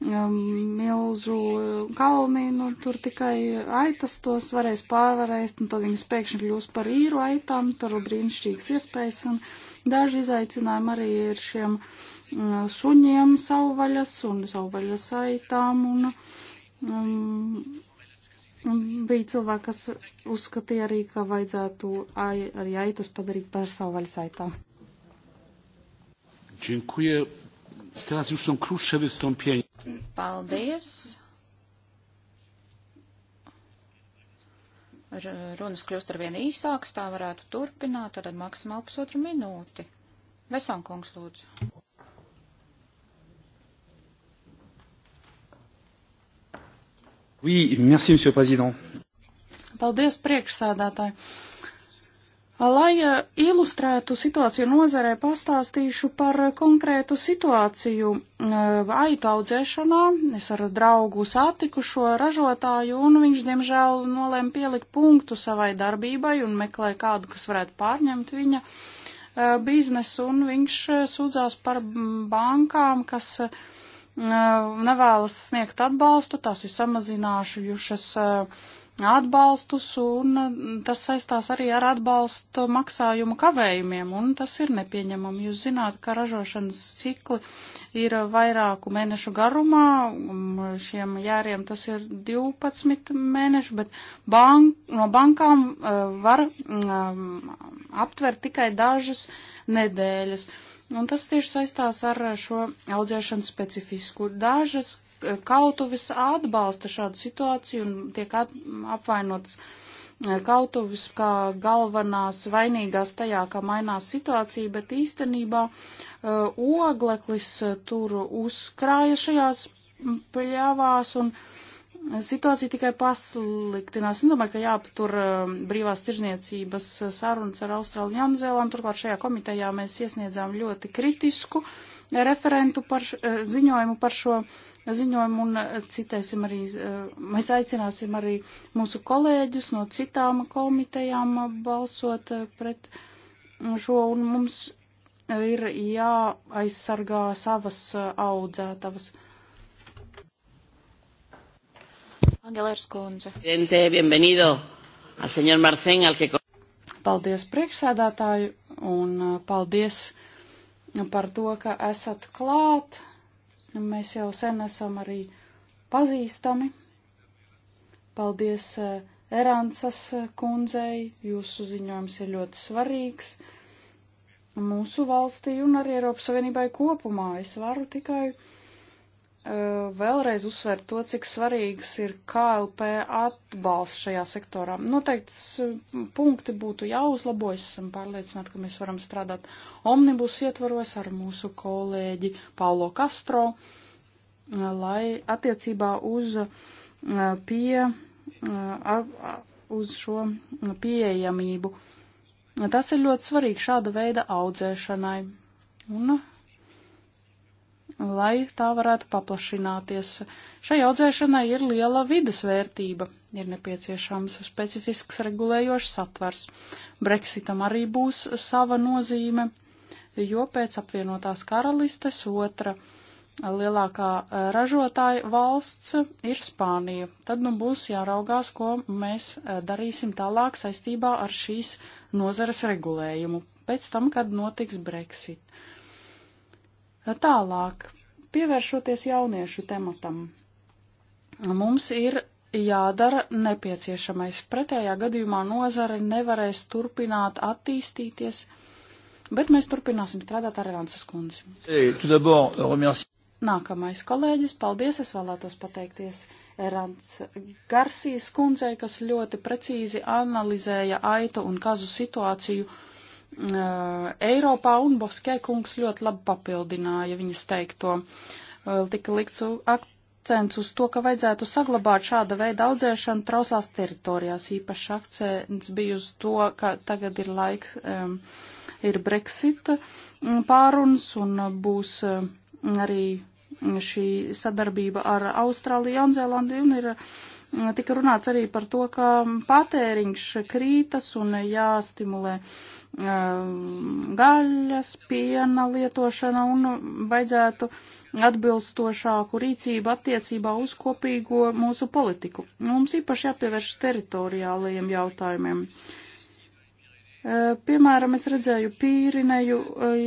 milzu kalni, nu tur tikai aitas tos varēs pārvarēt, un tad viņas pēkšņi kļūs par īru aitām, tur brīnišķīgas iespējas, un daži izaicinājumi arī ir šiem eh, suņiem savvaļas un savvaļas aitām, un um, bija cilvēki, kas uzskatīja arī, ka vajadzētu ai, arī aitas padarīt par savvaļas aitām. Dziękuję Teraz już są krótsze wystąpienia. Paldies. Runas kļūst ar vien īsākas, tā varētu turpināt, tad maksimāli pusotru minūti. Vesankungs, lūdzu. Oui, merci, monsieur le président. Paldies, priekšsēdētāji. Lai eh, ilustrētu situāciju nozarē, pastāstīšu par konkrētu situāciju eh, aitu audzēšanā. Es ar draugu satiku šo ražotāju, un viņš, diemžēl, nolēma pielikt punktu savai darbībai un meklē kādu, kas varētu pārņemt viņa eh, biznesu, un viņš sūdzās par bankām, kas nevēlas sniegt atbalstu, tās ir samazinājušas atbalstus, un mm, tas saistās arī ar atbalstu maksājumu kavējumiem, un tas ir nepieņemami. Jūs zināt, ka ražošanas cikli ir vairāku mēnešu garumā, šiem jēriem tas ir 12 mēneši, bet bank, no bankām eh, var mm, aptvert tikai dažas nedēļas. Un tas tieši saistās ar šo audzēšanas specifisku. Dažas kautuvis atbalsta šādu situāciju un tiek apvainots eh, kautuvis kā galvenās vainīgās tajā, kā mainās situācija, bet īstenībā eh, ogleklis eh, tur uzkrāja šajās pļavās un situācija tikai pasliktinās. Es domāju, ka jāpatur brīvās tirzniecības sarunas ar Austrālu un Jaunzēlām. Turklāt šajā komitejā mēs iesniedzām ļoti kritisku referentu par ziņojumu par šo ziņojumu un eh, citēsim arī, eh, mēs aicināsim arī mūsu kolēģus no citām komitejām eh, balsot pret šo un mums ir jāaizsargā savas audzētavas. Angelērs Kundze. Bienvenido al señor Marcen, al que. Paldies priekšsēdātāju un paldies par to, ka esat klāt Mēs jau sen esam arī pazīstami. Paldies eh, Eransas eh, kundzei, jūsu ziņojums ir ļoti svarīgs mūsu valstī un arī Eiropas Savienībai kopumā. Es varu tikai vēlreiz uzsvērt to, cik svarīgs ir KLP atbalsts šajā sektorā. Noteikti punkti būtu jāuzlabo, es esmu pārliecināta, ka mēs varam strādāt omnibus ietvaros ar mūsu kolēģi Paulo Castro, lai attiecībā uz pie, uz šo pieejamību. Tas ir ļoti svarīgi šāda veida audzēšanai. Un lai tā varētu paplašināties. Šai audzēšanai ir liela vidas vērtība, ir nepieciešams specifisks regulējošs satvers. Brexitam arī būs sava nozīme, jo pēc apvienotās karalistes otra lielākā ražotāja valsts ir Spānija. Tad nu būs jāraugās, ko mēs eh, darīsim tālāk saistībā ar šīs nozares regulējumu pēc tam, kad notiks Brexit. Tālāk, pievēršoties jauniešu tematam, mums ir jādara nepieciešamais. Pretējā gadījumā nozare nevarēs turpināt attīstīties, bet mēs turpināsim strādāt ar Rances kundzi. Nākamais kolēģis, paldies, es vēlētos pateikties. Erants Garsijas kundzei, kas ļoti precīzi analizēja aitu un kazu situāciju Eh, Eiropā, un Boskē kungs ļoti labi papildināja viņas teikto. Eh, tika likts akcents uz to, ka vajadzētu saglabāt šāda veida audzēšanu trauslās teritorijās. Īpaši akcents bija uz to, ka tagad ir laiks, ir Brexit mm, pāruns un būs arī šī sadarbība ar Austrāliju, Jaunzēlandi un ir mm, tika runāts arī par to, ka mm, patēriņš krītas un jāstimulē Ehm, gaļas, piena lietošana un vajadzētu atbilstošāku rīcību attiecībā uz kopīgo mūsu politiku. Mums īpaši jāpievērš teritoriālajiem jautājumiem. Ehm, piemēram, es redzēju Pīrineju eh,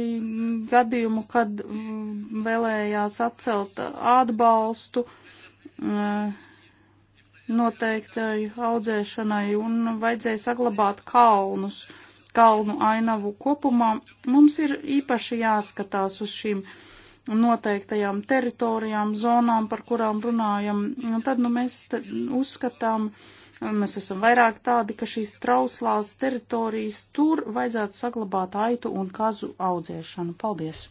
gadījumu, kad mm, vēlējās atcelt atbalstu ehm, noteiktai audzēšanai un vajadzēja saglabāt kalnus. Uh, kalnu ainavu kopumā, mums ir īpaši jāskatās uz šīm noteiktajām teritorijām, zonām, par kurām runājam. Un tad nu, mēs uzskatām, mēs esam vairāk tādi, ka šīs trauslās teritorijas tur vajadzētu saglabāt aitu un kazu audzēšanu. Paldies!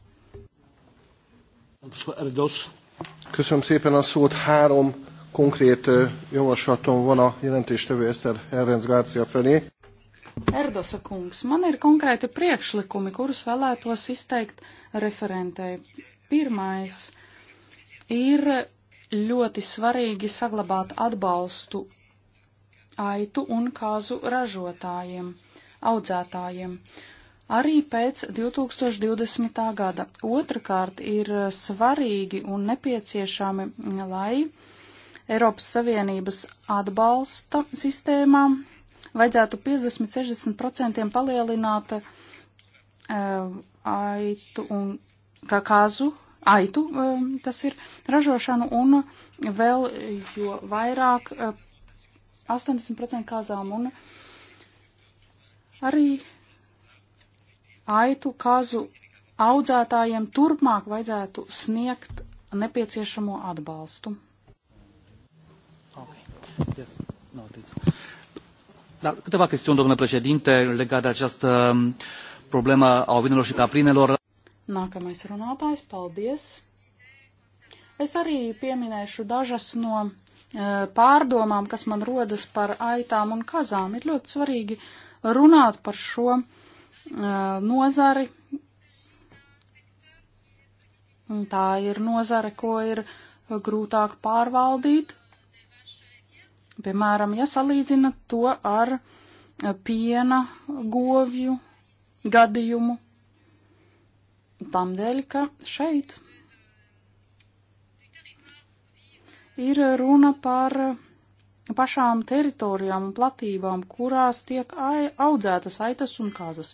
Köszönöm szépen a szót. Három konkrét javaslatom van a jelentéstevő Eszter Errenc Gárcia felé. Erdosa kungs, man ir konkrēti priekšlikumi, kurus vēlētos izteikt referentei. Pirmais ir ļoti svarīgi saglabāt atbalstu aitu un kāzu ražotājiem, audzētājiem. Arī pēc 2020. gada otrkārt ir svarīgi un nepieciešami, lai Eiropas Savienības atbalsta sistēmām vajadzētu 50-60% palielināt uh, aitu un kakāzu, aitu, um, tas ir ražošanu, un vēl jo vairāk uh, eh, 80% kāzām un arī aitu kāzu audzētājiem turpmāk vajadzētu sniegt nepieciešamo atbalstu. Okay. Yes. No, this. Da, câteva chestiuni, domnule președinte, legate de această um, problemă a ovinelor și caprinelor. Nākamais runātājs, paldies. Es arī pieminēšu dažas no uh, pārdomām, kas man rodas par aitām un kazām. Ir ļoti svarīgi runāt par šo uh, nozari. Tā ir nozare, ko ir grūtāk pārvaldīt, Piemēram, ja salīdzina to ar eh, piena govju gadījumu, tamdēļ, ka šeit ir runa par pašām teritorijām un platībām, kurās tiek audzētas aitas un kazas.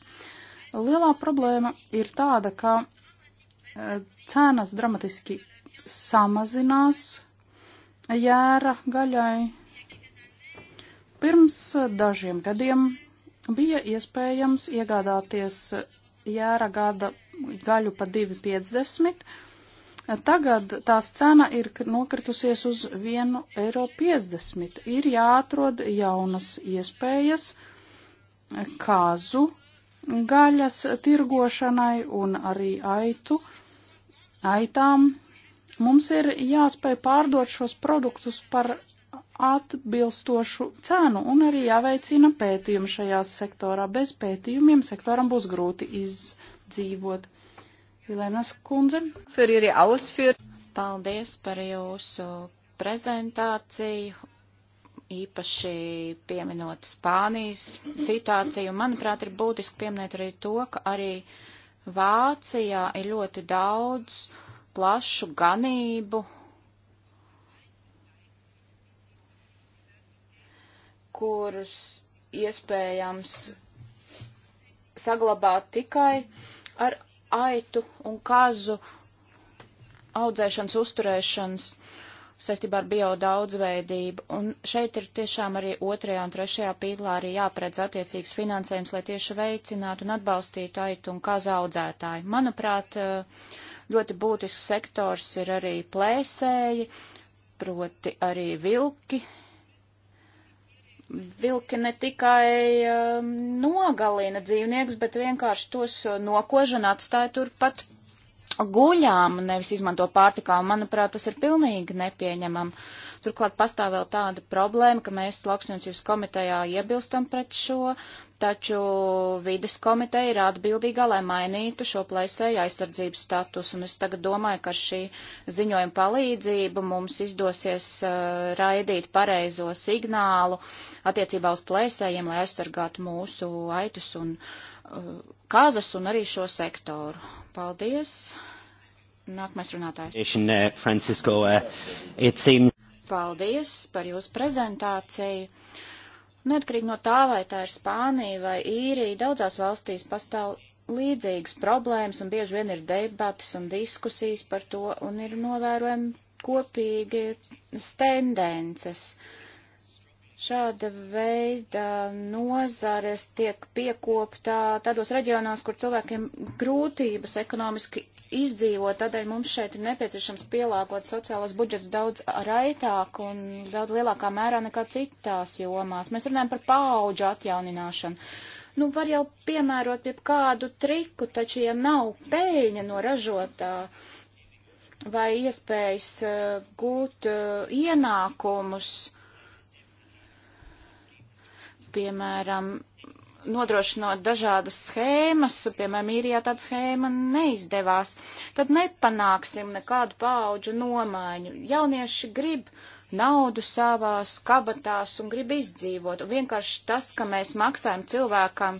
Lielā problēma ir tāda, ka eh, cenas dramatiski samazinās jēra gaļai Pirms eh, dažiem gadiem bija iespējams iegādāties eh, jēra gada gaļu pa 2,50. Tagad tās cena ir nokritusies uz 1,50 eiro. Ir jāatrod jaunas iespējas eh, kāzu gaļas tirgošanai un arī aitu, aitām. Mums ir jāspēj pārdot šos produktus par atbilstošu cēnu un arī jāveicina pētījumi šajā sektorā. Bez pētījumiem sektoram būs grūti izdzīvot. Vilēnas kundze. Paldies par jūsu prezentāciju, īpaši pieminot Spānijas situāciju. Manuprāt, ir būtiski pieminēt arī to, ka arī Vācijā ir ļoti daudz plašu ganību kurus iespējams saglabāt tikai ar aitu un kazu audzēšanas uzturēšanas saistībā ar biodaudzveidību. Un šeit ir tiešām arī otrajā un trešajā pīlā arī jāpredz attiecīgs finansējums, lai tieši veicinātu un atbalstītu aitu un kazu audzētāju. Manuprāt, eh, ļoti būtisks sektors ir arī plēsēji, proti arī vilki, Vilki ne tikai um, nogalina dzīvniekus, bet vienkārši tos uh, nokožana atstāja turpat guļām, nevis izmanto pārtikā, un manuprāt, tas ir pilnīgi nepieņemam. Turklāt pastāv vēl tāda problēma, ka mēs lauksniecības komitejā iebilstam pret šo, taču vides komiteja ir atbildīgā, lai mainītu šo plēsēju aizsardzības status, un es tagad domāju, ka šī ziņojuma palīdzība mums izdosies uh, raidīt pareizo signālu attiecībā uz plēsējiem, lai aizsargātu mūsu aitus un uh, kazas un arī šo sektoru. Paldies! Nākamais runātājs. Uh, uh, Paldies par jūsu prezentāciju. Neatkarīgi no tā, vai tā ir Spānija vai Īrija, daudzās valstīs pastāv līdzīgas problēmas un bieži vien ir debatas un diskusijas par to un ir novērojami kopīgi tendences. Uh, Šāda veida nozares tiek piekoptā tādos reģionos, kur cilvēkiem grūtības ekonomiski izdzīvot, tādēļ mums šeit ir nepieciešams pielāgot sociālos budžets daudz raitāk un daudz lielākā mērā nekā citās jomās. Mēs runājam par paauģu atjaunināšanu. Nu, var jau piemērot pie kādu triku, taču, ja nav peļņa no ražotā, vai iespējas uh, gūt uh, ienākumus, piemēram, nodrošinot dažādas schēmas, piemēram, īrijā tāda schēma neizdevās, tad nepanāksim nekādu paauģu nomaiņu. Jaunieši grib naudu savās kabatās un grib izdzīvot. Un vienkārši tas, ka mēs maksājam cilvēkam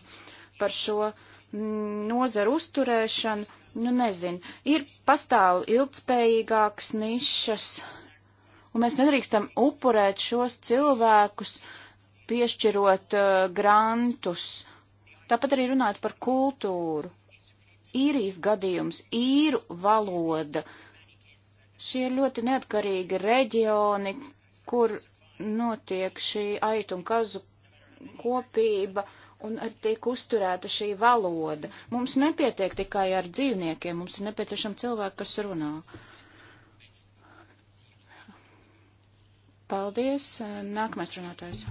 par šo mm, nozaru uzturēšanu, nu nezinu, ir pastāv ilgspējīgākas nišas, un mēs nedrīkstam upurēt šos cilvēkus, uh, piešķirot uh, grantus. Tāpat arī runāt par kultūru. Īrijas gadījums, īru valoda. Šie ir ļoti neatkarīgi reģioni, kur notiek šī aitu un kazu kopība un arī tiek uzturēta šī valoda. Mums nepietiek tikai ar dzīvniekiem, mums ir nepieciešama cilvēka, kas runā. Uh, Paldies. Nākamais runātājs.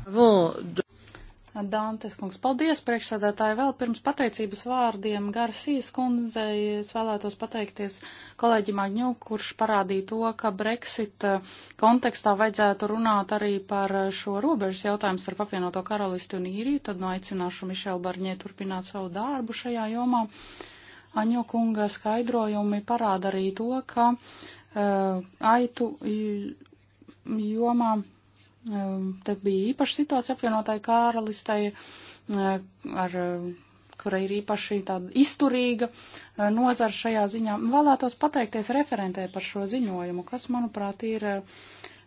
Dantes kungs, paldies priekšsādātāji. Vēl pirms pateicības vārdiem Garcijas kundzei es vēlētos pateikties kolēģim Aņu, kurš parādīja to, ka Brexit eh, kontekstā vajadzētu runāt arī par eh, šo robežas jautājumu starp apvienoto karalisti un īriju. Tad no nu aicināšu Mišelu Barņē turpināt savu darbu šajā jomā. Aņu kunga skaidrojumi parāda arī to, ka uh, aitu jomā um, te bija īpaša situācija apvienotāji karalistai, uh, ar, uh, kura ir īpaši tāda izturīga uh, nozara šajā ziņā. Vēlētos pateikties referentē par šo ziņojumu, kas, manuprāt, ir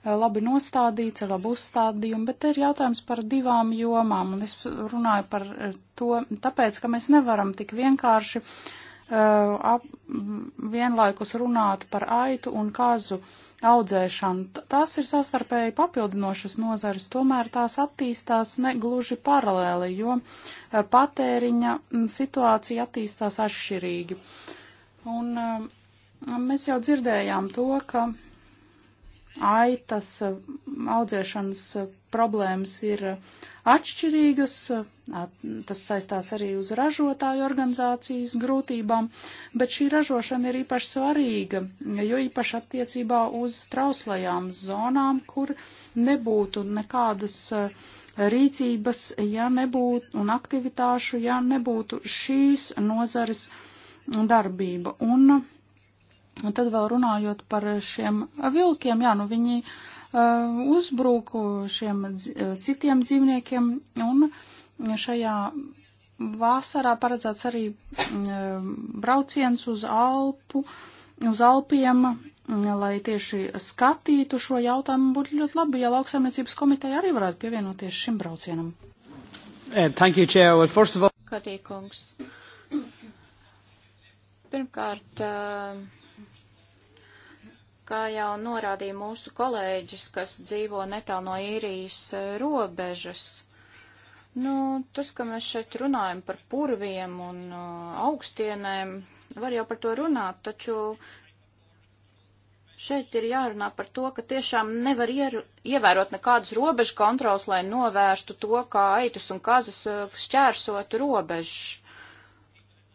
labi nostādīts, ar labu uzstādījumu, bet te ir jautājums par divām jomām, un es runāju par to, tāpēc, ka mēs nevaram tik vienkārši uh, Eh, ap, vienlaikus runāt par aitu un kazu audzēšanu. Tās ir savstarpēji papildinošas nozares, tomēr tās attīstās negluži paralēli, jo eh, patēriņa situācija attīstās atšķirīgi. Un eh, mēs jau dzirdējām to, ka aitas uh, audzēšanas uh, problēmas ir uh, atšķirīgas, tas saistās arī uz ražotāju organizācijas grūtībām, bet šī ražošana ir īpaši svarīga, jo īpaši attiecībā uz trauslajām zonām, kur nebūtu nekādas rīcības, ja nebūtu un aktivitāšu, ja nebūtu šīs nozares darbība. Un Un tad vēl runājot par šiem vilkiem, jā, nu viņi uh, uzbruku šiem dz uh, citiem dzīvniekiem un šajā vasarā paredzēts arī mm, uh, brauciens uz Alpu, uz Alpiem, mm, lai tieši skatītu šo jautājumu. Būtu ļoti labi, ja lauksaimniecības komiteja arī varētu pievienoties šim braucienam. Eh, thank you, Chair. Well, first of all... Katīkungs. Pirmkārt, uh Kā jau norādīja mūsu kolēģis, kas dzīvo netālu no īrijas eh, robežas, nu, tas, ka mēs šeit runājam par purviem un eh, augstienēm, var jau par to runāt, taču šeit ir jārunā par to, ka tiešām nevar ieru, ievērot nekādas robežu kontrols, lai novērstu to, kā aitus un kazas eh, šķērsotu robežu.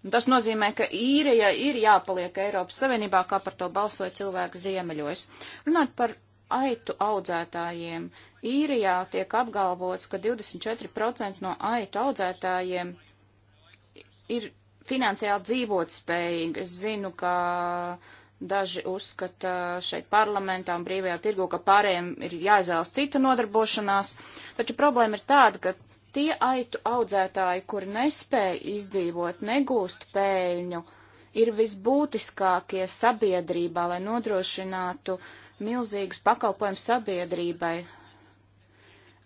Un tas nozīmē, ka īrija ir jāpaliek Eiropas Savienībā, kā par to balsoja cilvēki ziemeļos. Runāt par aitu audzētājiem. Īrijā tiek apgalvots, ka 24% no aitu audzētājiem ir finansiāli dzīvot spējīgi. Es zinu, ka daži uzskata šeit parlamentā un brīvajā tirgu, ka pārējiem ir jāizvēlas cita nodarbošanās, taču problēma ir tāda, ka Tie aitu audzētāji, kuri nespēja izdzīvot, negūst pēļņu, ir visbūtiskākie sabiedrībā, lai nodrošinātu milzīgus pakalpojumus sabiedrībai,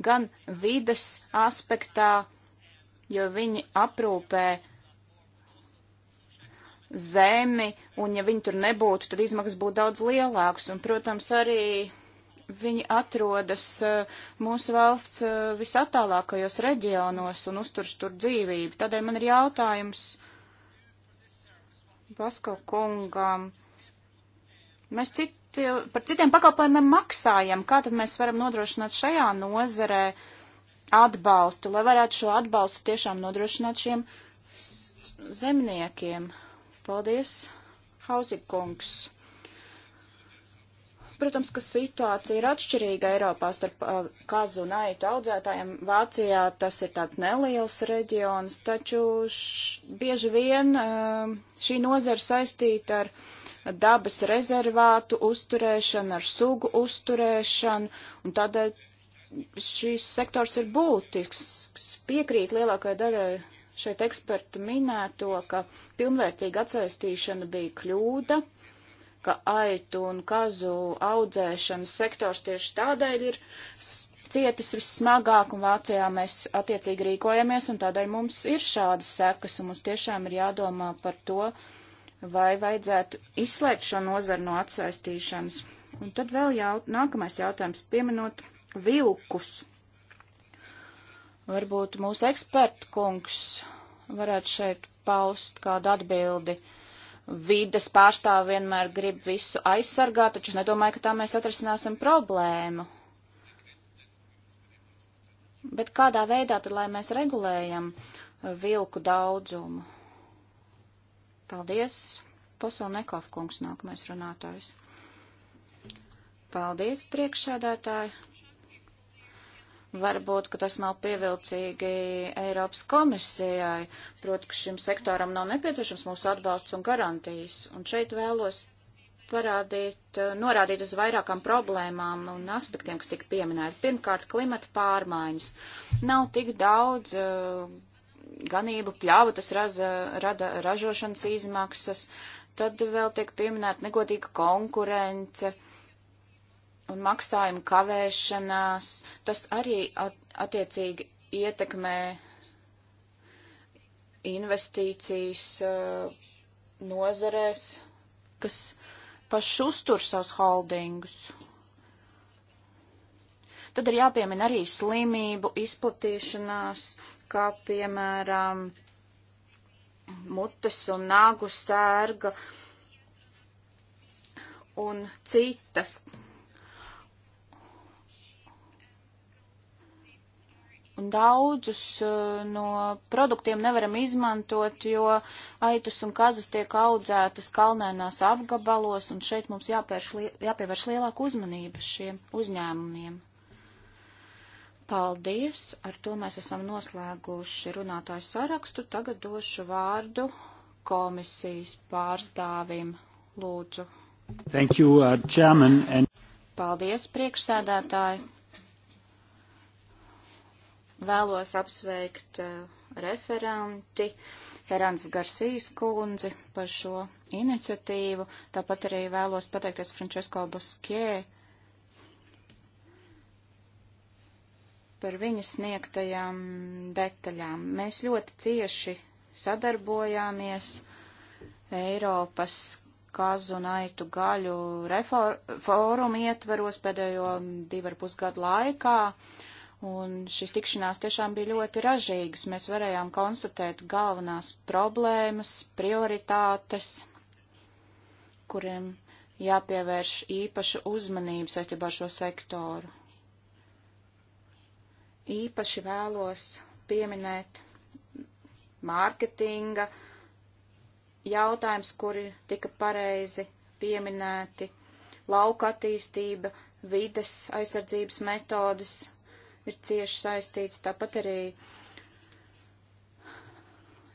gan vides aspektā, jo viņi aprūpē zemi, un ja viņi tur nebūtu, tad izmaksas būtu daudz lielākas, un, protams, arī viņi atrodas eh, mūsu valsts eh, visatālākajos reģionos un uzturš tur dzīvību. Tādēļ man ir jautājums Basko kungam. Mēs citi, par citiem pakalpojumiem maksājam. Kā tad mēs varam nodrošināt šajā nozerē atbalstu, lai varētu šo atbalstu tiešām nodrošināt šiem zemniekiem? Paldies, Hauzikungs. Protams, ka situācija ir atšķirīga Eiropā starp uh, kazu un aitu audzētājiem. Vācijā tas ir tāds neliels reģions, taču š, bieži vien uh, šī nozara saistīta ar dabas rezervātu uzturēšanu, ar sugu uzturēšanu, un tādēļ šīs sektors ir būtisks. Piekrīt lielākajai daļai šeit ekspertu minēto, ka pilnvērtīga atsaistīšana bija kļūda. Uh, ka aitu un kazu audzēšanas sektors tieši tādēļ ir cietis vissmagāk, un Vācijā mēs attiecīgi rīkojamies, un tādēļ mums ir šādas sekas, un mums tiešām ir jādomā par to, vai vajadzētu izslēgt šo nozaru no atsaistīšanas. Un tad vēl jaut, nākamais jautājums pieminot vilkus. Varbūt mūsu ekspertkungs varētu šeit paust kādu atbildi. Uh, vides pārstāvi vienmēr grib visu aizsargāt, taču es nedomāju, ka tā mēs atrasināsim problēmu. Bet kādā veidā tad, lai mēs regulējam vilku daudzumu? Paldies, Posolnekov kungs, nākamais runātājs. Paldies, priekšsēdētāji. Varbūt, ka tas nav pievilcīgi Eiropas komisijai, proti, ka šim sektoram nav nepieciešams mūsu atbalsts un garantijas. Un šeit vēlos parādīt, eh, norādīt uz vairākām problēmām un aspektiem, kas tika pieminēti. Pirmkārt, klimata pārmaiņas. Nav tik daudz uh, ganību pļāvu, tas raza, rada ražošanas izmaksas. Tad vēl tiek pieminēta negodīga konkurence. Uh, un maksājumu kavēšanās, tas arī at, attiecīgi ietekmē investīcijas uh, nozarēs, kas paši uztur savus holdingus. Tad ir jāpiemina arī slimību izplatīšanās, kā piemēram mutes un nāgu sērga un citas, daudzus eh, no produktiem nevaram izmantot, jo aitas un kazas tiek audzētas kalnēnās apgabalos, un šeit mums jāpērš, jāpievērš lielāku uzmanību šiem uzņēmumiem. Paldies! Ar to mēs esam noslēguši runātāju sarakstu. Tagad došu vārdu komisijas pārstāvim. Lūdzu. Thank you, uh, Chairman. And... Paldies, priekšsēdētāji! Vēlos apsveikt uh, referanti Herants Garcijas kundzi par šo iniciatīvu. Tāpat arī vēlos pateikties Francesko Buskē par viņa sniegtajām detaļām. Mēs ļoti cieši sadarbojāmies Eiropas kazu un aitu gaļu fórumu ietveros pēdējo divu ar pusgadu laikā. Uh, Un šīs tikšanās tiešām bija ļoti ražīgas. Mēs varējām konstatēt galvenās problēmas, prioritātes, kuriem jāpievērš īpaša uzmanība saistībā ar šo sektoru. Īpaši vēlos pieminēt mārketinga jautājums, kuri tika pareizi pieminēti, lauka attīstība, vides aizsardzības metodas, ir cieši saistīts, tāpat arī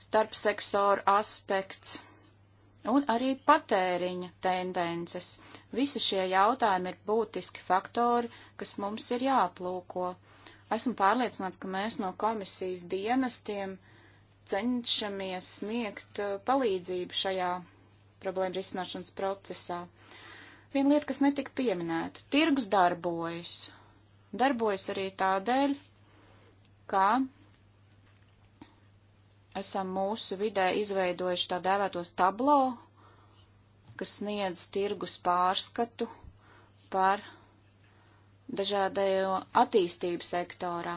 starpsektoru aspekts un arī patēriņa tendences. Visi šie jautājumi ir būtiski faktori, kas mums ir jāplūko. Esmu pārliecināts, ka mēs no komisijas dienestiem cenšamies sniegt uh, palīdzību šajā problēma risināšanas procesā. Viena lieta, kas netika pieminēta - tirgus darbojas, darbojas arī tādēļ, ka esam mūsu vidē izveidojuši tā dēvētos tablo, kas sniedz tirgus pārskatu par dažādējo attīstību sektorā.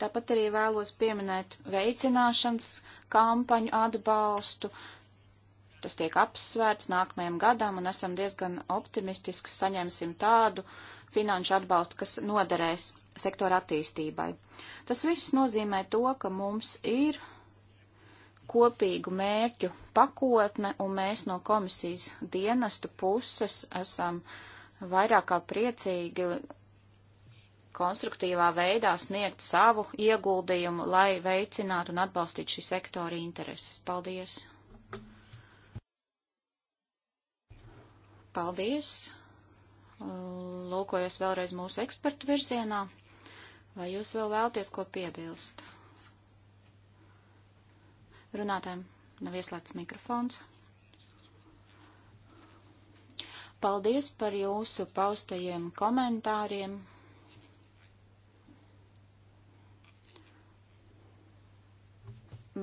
Tāpat arī vēlos pieminēt veicināšanas kampaņu atbalstu, uh, tas tiek apsvērts nākamajam gadam, un esam diezgan optimistiski saņemsim tādu finanšu atbalstu, kas noderēs sektora attīstībai. Tas viss nozīmē to, ka mums ir kopīgu mērķu pakotne, un mēs no komisijas dienestu puses esam vairāk kā priecīgi konstruktīvā veidā sniegt savu ieguldījumu, lai veicinātu un atbalstītu šī sektora intereses. Paldies! paldies! Lūkojos vēlreiz mūsu ekspertu virzienā. Vai jūs vēl vēlties ko piebilst? Runātājiem nav ieslēgts mikrofons. Paldies par jūsu paustajiem komentāriem.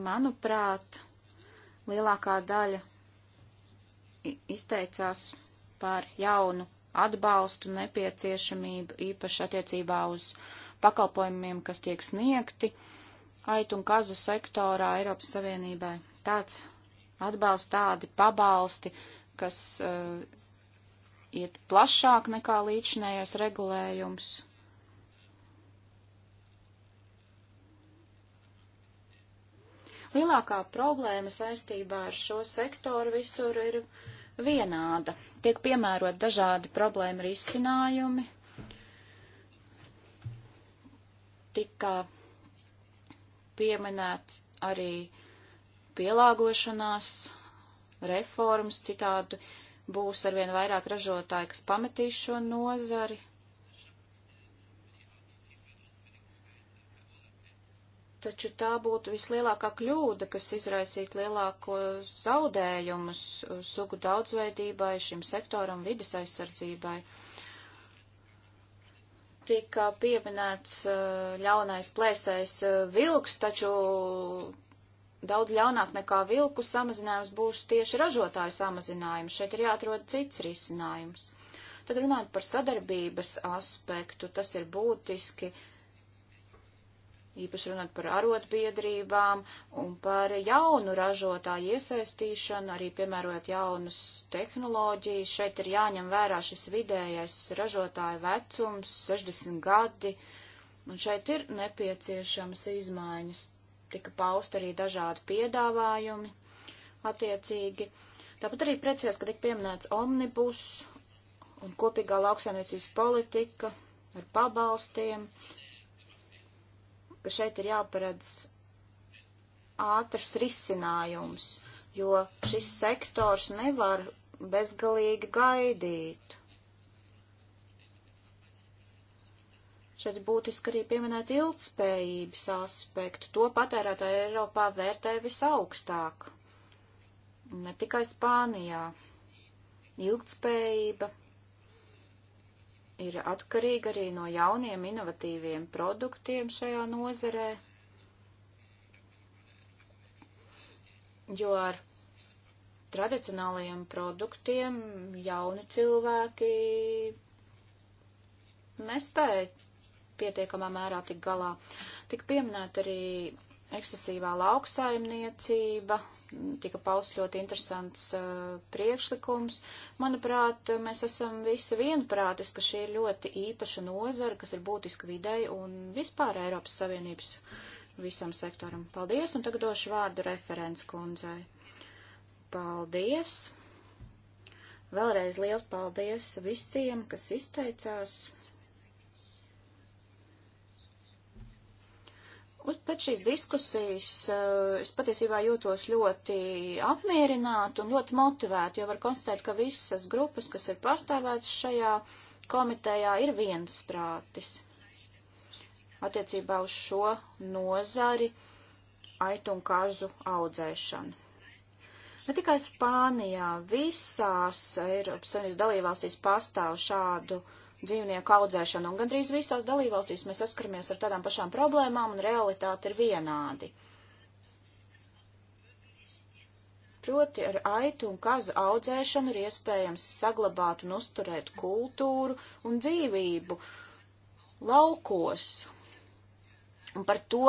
Manuprāt, lielākā daļa izteicās par jaunu atbalstu nepieciešamību īpaši attiecībā uz pakalpojumiem, kas tiek sniegti aitu un kazu sektorā Eiropas Savienībai. Tāds atbalsts, tādi pabalsti, kas uh, iet plašāk nekā līdzinējais regulējums. Lielākā problēma saistībā ar šo sektoru visur ir uh, vienāda. Tiek piemērot dažādi problēma risinājumi. Tikā pieminēts arī pielāgošanās reformas, citādi būs arvien vairāk ražotāji, kas pametīs šo nozari, taču tā būtu vislielākā kļūda, kas izraisītu lielāko zaudējumus sugu daudzveidībai, šim sektoram, vidas aizsardzībai. Tika pieminēts uh, ļaunais plēsējs uh, vilks, taču daudz ļaunāk nekā vilku samazinājums būs tieši ražotāju samazinājums. Šeit ir jāatrod cits risinājums. Tad runājot par sadarbības aspektu, tas ir būtiski īpaši runāt par arotbiedrībām un par jaunu ražotāju iesaistīšanu, arī piemērot jaunas tehnoloģijas. Šeit ir jāņem vērā šis vidējais ražotāja vecums, 60 gadi, un šeit ir nepieciešamas izmaiņas. Tika paust arī dažādi piedāvājumi attiecīgi. Tāpat arī precies, ka tika pieminēts omnibus un kopīgā lauksainiecības politika ar pabalstiem, ka šeit ir jāparedz ātrs risinājums, jo šis sektors nevar bezgalīgi gaidīt. Šeit būtiski arī pieminēt ilgspējības aspektu. To patērētāji Eiropā vērtē visaugstāk. Ne tikai Spānijā. Ilgtspējība ir atkarīga arī no jauniem inovatīviem produktiem šajā nozarē, jo ar tradicionālajiem produktiem jauni cilvēki nespēja pietiekamā mērā tik galā. Tik pieminēta arī ekscesīvā lauksaimniecība, tika pausts ļoti interesants uh, priekšlikums. Manuprāt, mēs esam visi vienprātis, ka šī ir ļoti īpaša nozara, kas ir būtiska videi un vispār Eiropas Savienības visam sektoram. Paldies, un tagad došu vārdu referents kundzei. Paldies! Vēlreiz liels paldies visiem, kas izteicās. Uz pēc šīs diskusijas eh, es patiesībā jūtos ļoti apmierināta un ļoti motivēta, jo var konstatēt, ka visas grupas, kas ir pārstāvētas šajā komitejā, ir vienas prātis attiecībā uz šo nozari aitu un kazu audzēšanu. Ne tikai Spānijā, visās Eiropas Savienības dalībvalstīs pastāv šādu uh, dzīvnieku audzēšanu, un gandrīz visās dalībvalstīs mēs saskaramies ar tādām pašām problēmām, un realitāte ir vienādi. Proti ar aitu un kazu audzēšanu ir iespējams saglabāt un uzturēt kultūru un dzīvību laukos. Un par to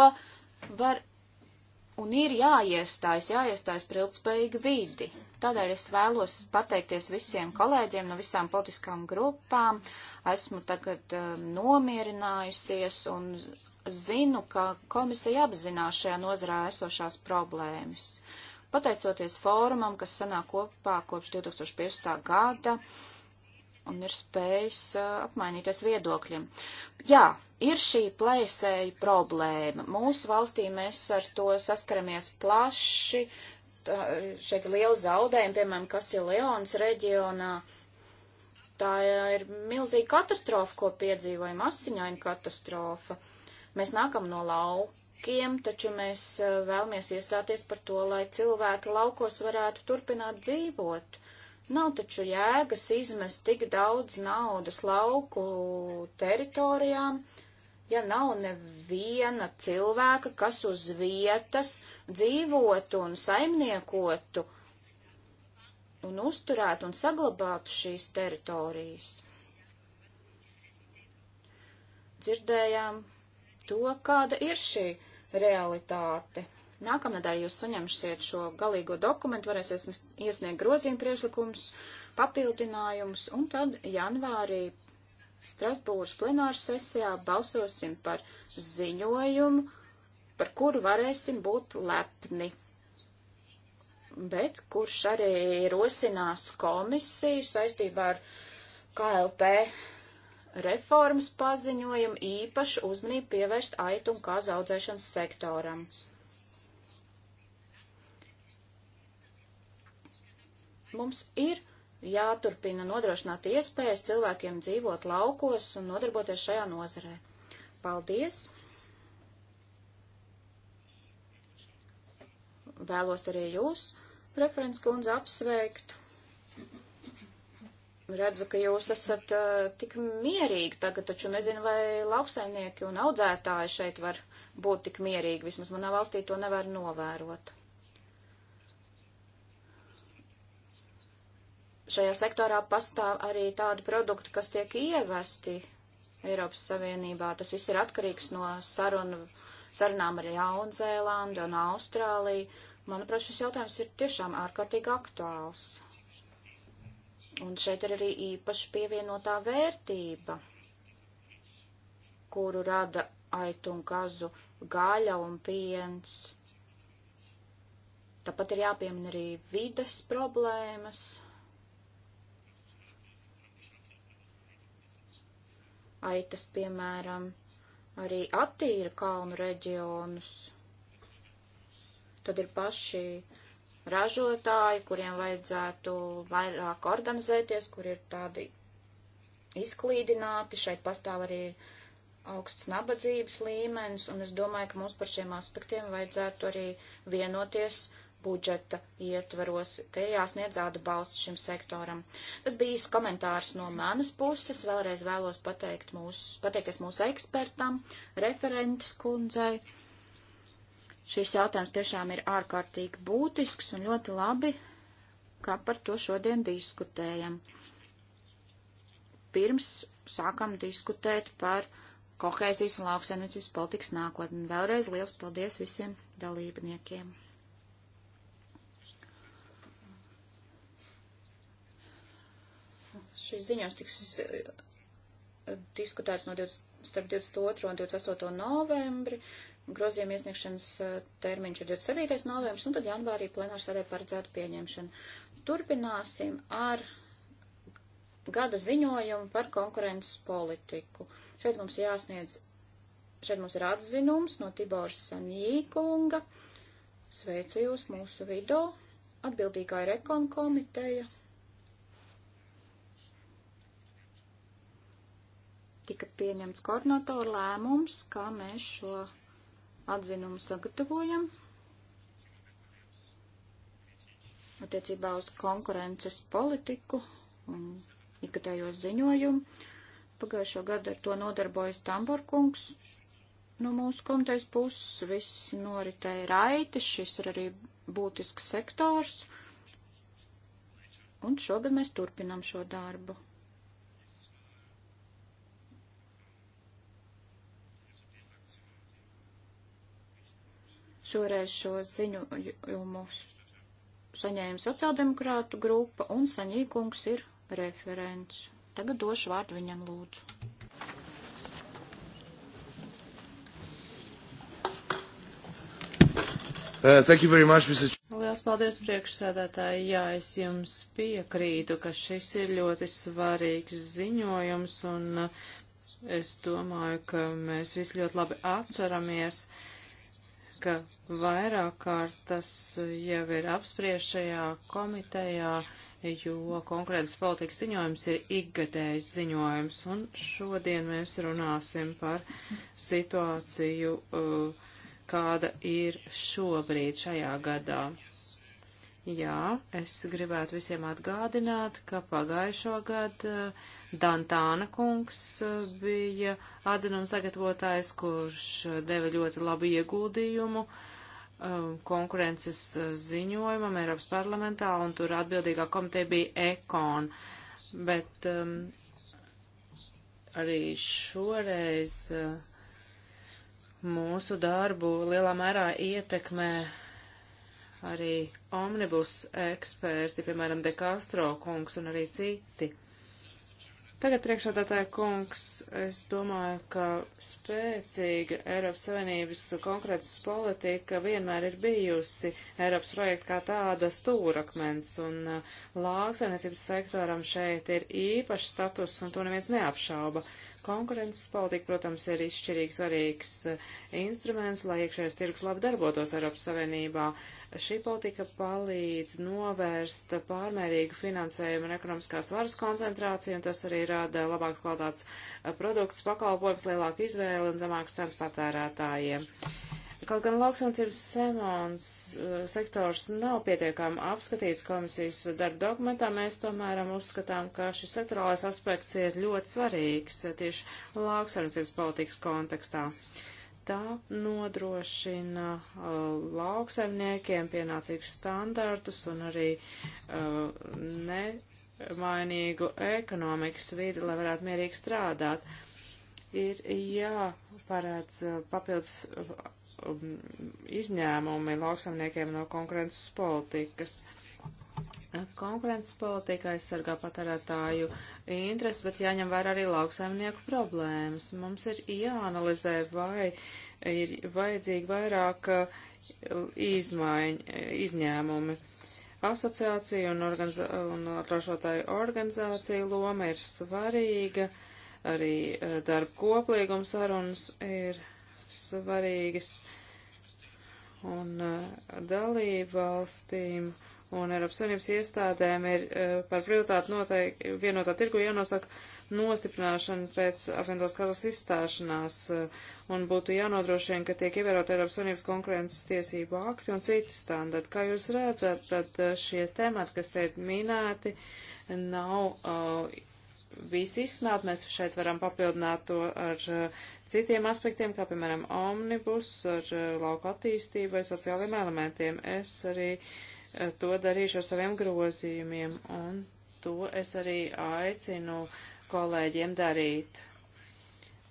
var un ir jāiestājas, jāiestājas par ilgspējīgu vidi. Tādēļ es vēlos pateikties visiem kolēģiem no visām politiskām grupām. Esmu tagad um, nomierinājusies un zinu, ka komisija apzinās šajā nozarā esošās problēmas. Pateicoties fórumam, kas sanāk kopā kopš 2015. gada un ir spējis uh, apmainīties viedokļiem. Jā, ir šī plēsēju problēma. Mūsu valstī mēs ar to saskaramies plaši, tā, šeit liela zaudējuma, piemēram, Kastiljonas reģionā. Tā ir milzīga katastrofa, ko piedzīvojam, asiņaina katastrofa. Mēs nākam no laukiem, taču mēs eh, vēlamies iestāties par to, lai cilvēki laukos varētu turpināt dzīvot. Nav taču jēgas izmest tik daudz naudas lauku teritorijām, uh, ja nav neviena cilvēka, kas uz vietas dzīvotu un saimniekotu un uzturētu un saglabātu šīs teritorijas. Dzirdējām to, kāda ir šī realitāte. Nākamnedēļ jūs saņemsiet šo galīgo dokumentu, varēsiet iesniegt grozījumu priešlikumus, papildinājumus, un tad janvārī Strasbūras plenāras sesijā balsosim par ziņojumu, par kuru varēsim būt lepni, bet kurš arī rosinās komisiju saistībā ar KLP reformas paziņojumu īpašu uzmanību pievērst aitu un kāzu audzēšanas sektoram. Mums ir jāturpina nodrošināt iespējas cilvēkiem dzīvot laukos un nodarboties šajā nozarē. Paldies! Vēlos arī jūs, referents kundze, apsveikt. Redzu, ka jūs esat uh, tik mierīgi tagad, taču nezinu, vai lauksaimnieki un audzētāji šeit var būt tik mierīgi. Vismaz manā valstī to nevar novērot. šajā sektorā pastāv arī tādi produkti, kas tiek ievesti Eiropas Savienībā. Tas viss ir atkarīgs no sarunu, sarunām ar Jaunzēlandi un Austrāliju. Manuprāt, šis jautājums ir tiešām ārkārtīgi aktuāls. Un šeit ir arī īpaši pievienotā vērtība, kuru rada aitu un gazu gaļa un piens. Tāpat ir jāpiemina arī vides problēmas. aitas, piemēram, arī attīra kalnu reģionus. Tad ir paši ražotāji, kuriem vajadzētu vairāk organizēties, kur ir tādi izklīdināti, šeit pastāv arī augsts nabadzības līmenis, un es domāju, ka mums par šiem aspektiem vajadzētu arī vienoties budžeta ietvaros, ka ir jāsniedz atbalsts šim sektoram. Tas bija īsts komentārs no manas puses. Vēlreiz vēlos pateikt mūsu, pateikties mūsu ekspertam, referentes kundzei. Šis jautājums tiešām ir ārkārtīgi būtisks un ļoti labi, kā par to šodien diskutējam. Pirms sākam diskutēt par kohēzijas un lauksaimniecības politikas nākotni. Vēlreiz liels paldies visiem dalībniekiem! Šis ziņojums tiks eh, diskutēts no 20, starp 22. un 28. novembri. Grozījuma iesniegšanas eh, termiņš ir 27. novembris, un tad janvārī plenārsēdē paredzētu pieņemšanu. Turpināsim ar gada ziņojumu par konkurences politiku. Šeit mums jāsniedz, šeit mums ir atzinums no Tibors Sanjīkunga. Sveicu jūs mūsu vidū. Atbildīgā ir ekon komiteja. tika pieņemts koordinatoru lēmums, kā mēs šo atzinumu sagatavojam attiecībā uz konkurences politiku un ikatējos ziņojumu. Pagājušo gadu ar to nodarbojas Tamborkungs. No mūsu komitejas puses viss noritēja raiti, šis ir arī būtisks sektors. Un šogad mēs turpinam šo darbu. Šoreiz šo ziņojumu saņēma sociāldemokrātu grupa un saņīkums ir referents. Tagad došu vārdu viņam lūdzu. Uh, thank you very much, Mr. Liels paldies priekšsēdētāji. Jā, es jums piekrītu, ka šis ir ļoti svarīgs ziņojums un uh, es domāju, ka mēs visi ļoti labi atceramies uh, ka vairāk kārt tas jau ir apspriest šajā komitejā, jo konkrētas politikas ziņojums ir ikgadējs ziņojums, un šodien mēs runāsim par situāciju, uh, kāda ir šobrīd šajā gadā. Jā, es gribētu visiem atgādināt, ka pagājušo gadu eh, Dantāna kungs eh, bija atzinums sagatavotājs, kurš eh, deva ļoti labu ieguldījumu konkurences ziņojumam Eiropas parlamentā, un tur atbildīgā komiteja bija Ekon. Bet um, arī šoreiz mūsu darbu lielā mērā ietekmē arī omnibus eksperti, piemēram, De Castro kungs un arī citi. Tagad priekšādātāja kungs, es domāju, ka spēcīga Eiropas Savienības konkrētas politika vienmēr ir bijusi Eiropas projekta kā tāda stūrakmens, un uh, lauksainiecības sektoram šeit ir īpašs status, un to neviens neapšauba. Uh, Konkurences politika, protams, ir izšķirīgs svarīgs eh, instruments, lai iekšējais tirgus labi darbotos Eiropas Savienībā. Šī politika palīdz novērst pārmērīgu finansējumu un ekonomiskās varas koncentrāciju, un tas arī rada labāks kvalitātes eh, produkts, pakalpojums, lielāku izvēli un zemāks cenas patērētājiem. Uh, Kaut gan lauksamcības semons uh, sektors nav pietiekami apskatīts komisijas darba dokumentā, mēs tomēr uzskatām, ka šis sektorālais aspekts ir ļoti svarīgs uh, tieši lauksamcības politikas kontekstā. Tā nodrošina uh, lauksaimniekiem pienācīgus standartus un arī uh, nemainīgu ekonomikas vidi, lai varētu mierīgi strādāt. Ir jāparāds uh, papildus. Uh, izņēmumi lauksamniekiem no konkurences politikas. Konkurences politika aizsargā patērētāju intereses, bet jāņem vērā arī lauksaimnieku problēmas. Mums ir jāanalizē, vai ir vajadzīgi vairāk uh, izmaiņ, izņēmumi. Asociācija un, organizā, un ražotāju organizācija loma ir svarīga, arī uh, darba koplīgums sarunas ir svarīgas. Un uh, dalību valstīm un Eiropas Savienības iestādēm ir uh, par prioritāti noteikti vienotā tirgu jānosaka nostiprināšana pēc apvienotās karalists izstāšanās uh, un būtu jānodrošina, ka tiek ievērot Eiropas Savienības konkurences tiesību akti un citi standarti. Kā jūs redzat, tad šie temati, kas te ir minēti, nav uh, bijis izsmelt. Mēs šeit varam papildināt to ar eh, citiem aspektiem, kā piemēram omnibus, ar eh, lauku attīstību vai sociāliem elementiem. Es arī eh, to darīšu ar saviem grozījumiem, un to es arī aicinu kolēģiem darīt.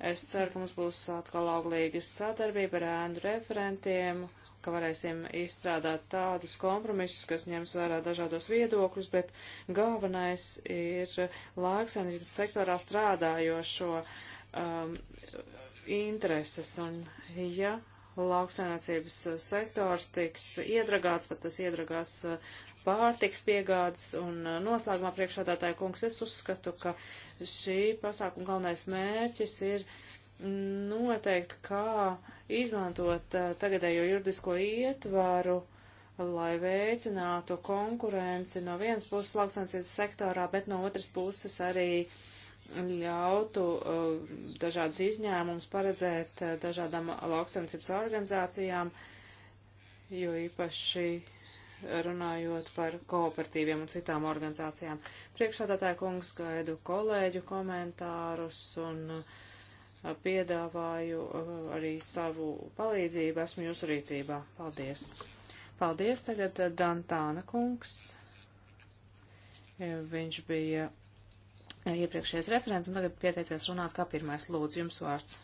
Es ceru, ka mums būs atkal auglīga sadarbība ar ēnu referentiem, ka varēsim izstrādāt tādus kompromisus, kas ņems vērā dažādos viedokļus, bet galvenais ir lauksainības sektorā strādājošo um, intereses. Un, ja lauksainības sektors tiks iedragāts, tad tas iedragās uh, pārtiks piegādes un uh, noslēgumā priekšādātāja kungs, es uzskatu, ka šī pasākuma galvenais mērķis ir uh, noteikt, kā izmantot eh, tagadējo juridisko ietvaru, lai veicinātu konkurenci no vienas puses lauksaimniecības sektorā, bet no otras puses arī ļautu uh, dažādus izņēmumus paredzēt uh, dažādām lauksaimniecības organizācijām, jo īpaši runājot par kooperatīviem un citām organizācijām. Priekšsādātāja kungs gaidu kolēģu komentārus un uh, piedāvāju uh, arī savu palīdzību, esmu jūsu rīcībā. Paldies! Paldies tagad uh, Dantāna kungs. Viņš bija uh, iepriekšējais referents un tagad pieteicies runāt kā pirmais. Lūdzu, jums vārds.